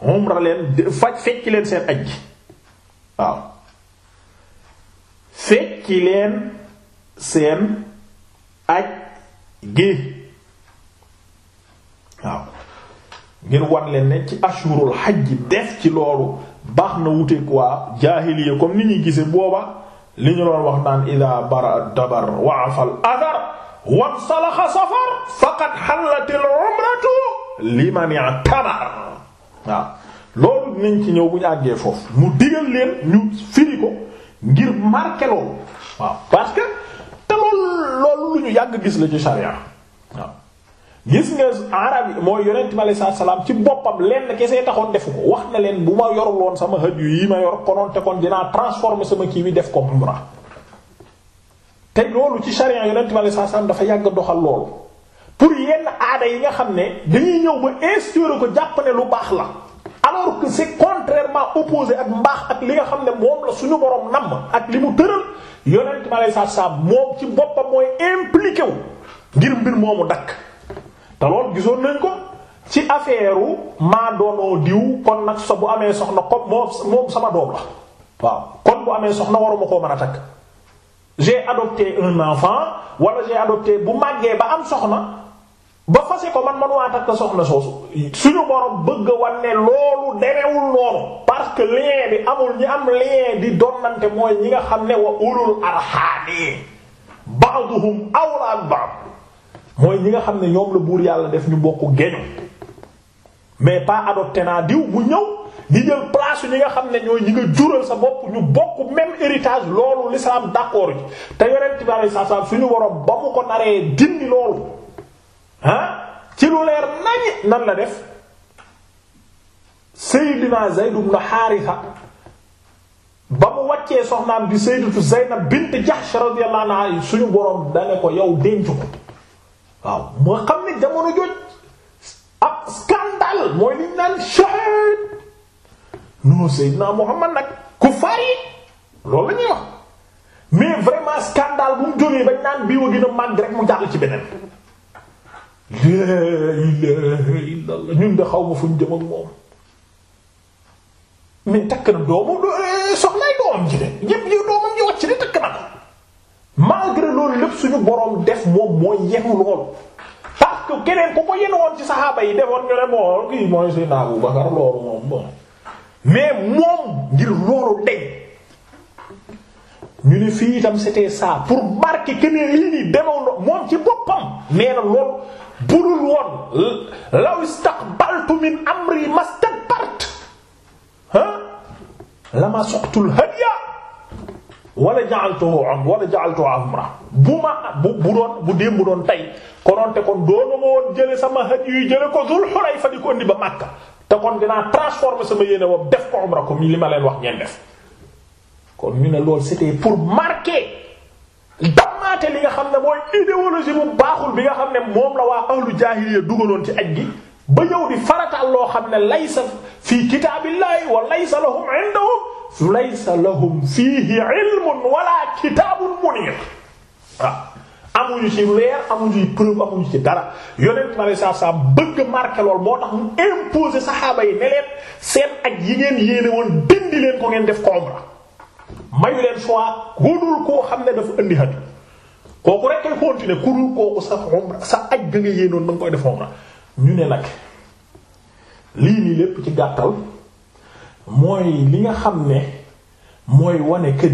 umra leen faj fecci leen seen aj gi waaw fecci leen seen aj gi waaw ngir wan leen ne ci ashurul xaj def ci loolu baax na wuteek waa jaahiliya comme ni ñuy gise booba li ñu doon wax naan ida bara dabar waafal adar wan salaxa safar faqad xallatil umratu liman i'tamar waaw loolu dinañ ci ñëw bu ñu àggee foofu mu digal leen ñu firi ko ngir marqué loolu waaw parce que te loolu loolu ñu yàgg gis la ci sharia waaw gis nga arab yi mooy yonent bi alayhi salaam ci boppam lenn kese taxoon defu ko wax na leen bu ma yorul woon sama hëj yu yi ma yor konoon te kon dinaa transformer sama kii bi def ko umra te loolu ci charia yonent bi alayhi salaam dafa yàgg doxal loolu pour yenn aada yi nga xam ne dañuy ñëw ba instaurer ko jàpp lu baax la alors que c'est contrairement opposé ak mbaax ak li nga xam ne moom la suñu boroom namm ak li mu tëral yonent bi alayhi salaam moom ci boppam mooy impliqué wu ngir mbir moomu dakk te loolu gisoo nañ ko ci affaire maa doonoo diw kon nag sa bu amee soxna comme moom sama doom la waaw kon bu amee soxna waruma ko mën a takk. j'ai adopté un enfant wala j'ai adopté bu màggee ba am soxna ba fase ko man manuwaa takk soxna soosu suñu borom bëgg wan ne loolu demewul noonu parce que lien bi amul ñi am lien di donnante mooy ñi nga xam ne wa ulul arhami ba'duhum awla ba'd mooy ñi nga xam ne ñoom la buur yàlla def ñu bokk geñu mais pas adopté naa diw bu ñëw di jël place ñi nga xam ne ñoo ñu nga jural sa bopp ñu bokk même héritage loolu l'islam d'accord ji te yonent bi sa salaam suñu waroon ba mu ko naree dindi loolu ah la def Seydina Zayd ibn Haarisa ba mu Zaynab bint Jahsh radiyallahu anha suñu borom dane ko yow denc ko waaw moo xam ne jamono joj ab scandale mooy liñ naan shahid non Seydina Muhammad nag ku faar yi loolu la ñuy wax vraiment scandale bu mu jógee bañ naan bii wa gën a màgg rek mu jàll ci beneen laa ilaaha illallah ñun de xaw ma fu ñu moom mais takk na doomu eh, soxnaay doomam ji de ñépp yu doomam ñu wacc de takk na ko loolu lépp suñu boroom def moom mooy yenu loolu parce keneen ku ko yenu woon ci saxaaba yi defoon ñu ne moo kii mooy Seydina Abu Bakar loolu moom bon mais moom ngir loolu deñ ñu ne fii itam c'était ça pour marquer que ne lii nii demoon moom ci boppam nee na loolu budul woon law istaqbaltu min amri mastadbart ah lama suqtul hadiya wala ja'altuhu wala ja'altuhu amra bu ma bu bu doon bu démb doon tey konoonte kon doonuma woon jële sama hadiyu jële ko Zul Hulayfa di ko indi ba Makka te kon dinaa transformer sama yéene boobu def ko umra comme li ma leen wax ngeen def kon ñu ne loolu c'était pour marquer dammaate li nga xam ne mooy idéologie bu baaxul bi nga xam ne moom la waa ahlu jaahiliya dugaloon ci aj gi ba yow di farataal loo xam ne laysa fii kitaabillahi wa laysa lahum indahum laysa lahum fiihi ilmun wala kitaabun amuñu ci leer amuñu ci preuve amuñu ci dara yonent na saa saa bëgg marqué lool moo tax mu imposer saxaaba yi ne leen seen ak yi ngeen yéene woon leen ko ngeen def ko umra mayu leen koo xam ne dafa indi haj kooku rek kay continuer ku dul kooku sa umra sa aj ga nga yéenoon da nga koy def umra ñu ne nag lii nii lépp ci gàttal mooy li nga xam ne mooy wane que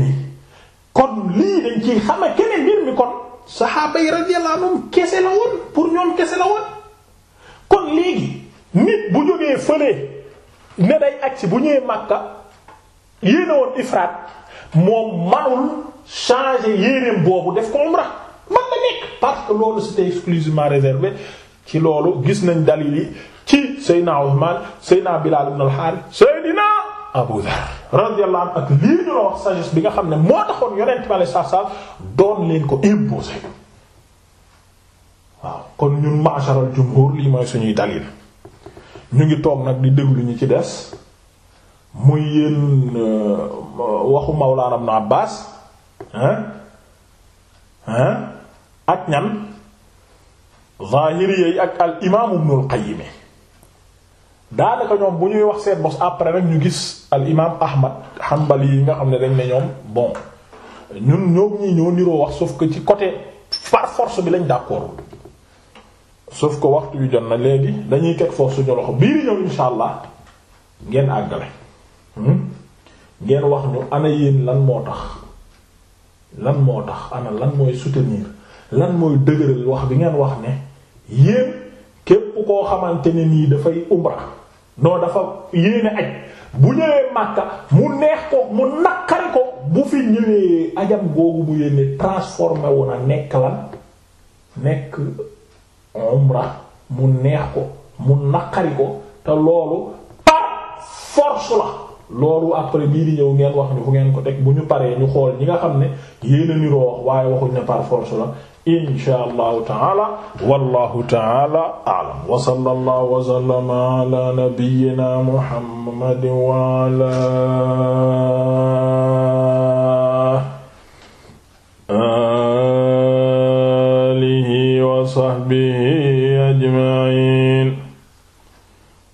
kon lii dañ ciy xame keneen mbir mi kon. saxaaba yi radiyallahu anhum kese la woon pour ñoom kese la woon kon léegi nit bu jógee fële ne day agsi bu ñuy Makka yéene woon ifraat moom manul changer yéeneem boobu def ko umra man la nekk parce que loolu c'était exclusivement réservé ci loolu gis nañ dalil yi ci Seydina Usmaan Seydina Bilaal ibn al-Haaris Seydina Abu Dhar radiyallahu ak lii ñu la wax sagesse bi nga xam ne moo taxoon yonent bi alayhi salaam doon leen ko imposer waaw kon ñun ma'sharal jumhur lii mooy suñuy dalil ñu ngi toog nag di déglu ñu ci des muy yéen euh, waxu Mawlana Ibn Abbas hein hein ak ñan zahiriyyi ak al imaam Ibn al Qayyim daanaka ñoom bu ñuy wax seen bos après rek ñu gis al imaam Ahmad Hanbali yi nga xam ne dañ ne ñoom bon ñun ñoom ñii ñoo niroo wax soof ko ci côté par force bi lañ d'accord sauf ko waxtu yu jot na léegi dañuy teg force suñu loxo biir ñëw insha allah ngeen àggale hmm? ngeen wax ñu ana yéen lan moo tax lan moo tax ana lan mooy soutenir lan mooy dëgëral wax bi ngeen wax ne yéen képp koo xamante ne nii dafay umra non dafa yéene aj bu ñëwee Makka mu neex ko mu naqari ko bu fi ñëwee ajam googu mu yéene transformé wu na nekk la nekk umra mu neex ko mu naqari ko te loolu par force la loolu après bii ñëw ngeen wax ñu fu ngeen ko teg bu ñu paree ñu xool ñi nga xam ne yéen niroo wax waaye waxuñ ne par force la insha allahu taala wallahu taala a'lam wa sallallahu wa sallama ala nabiyyina muhammadin wa ala alihi wa sahbihi ajma'in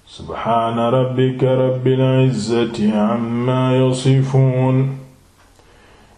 subhana rabbika rabbil izzati amma yasifun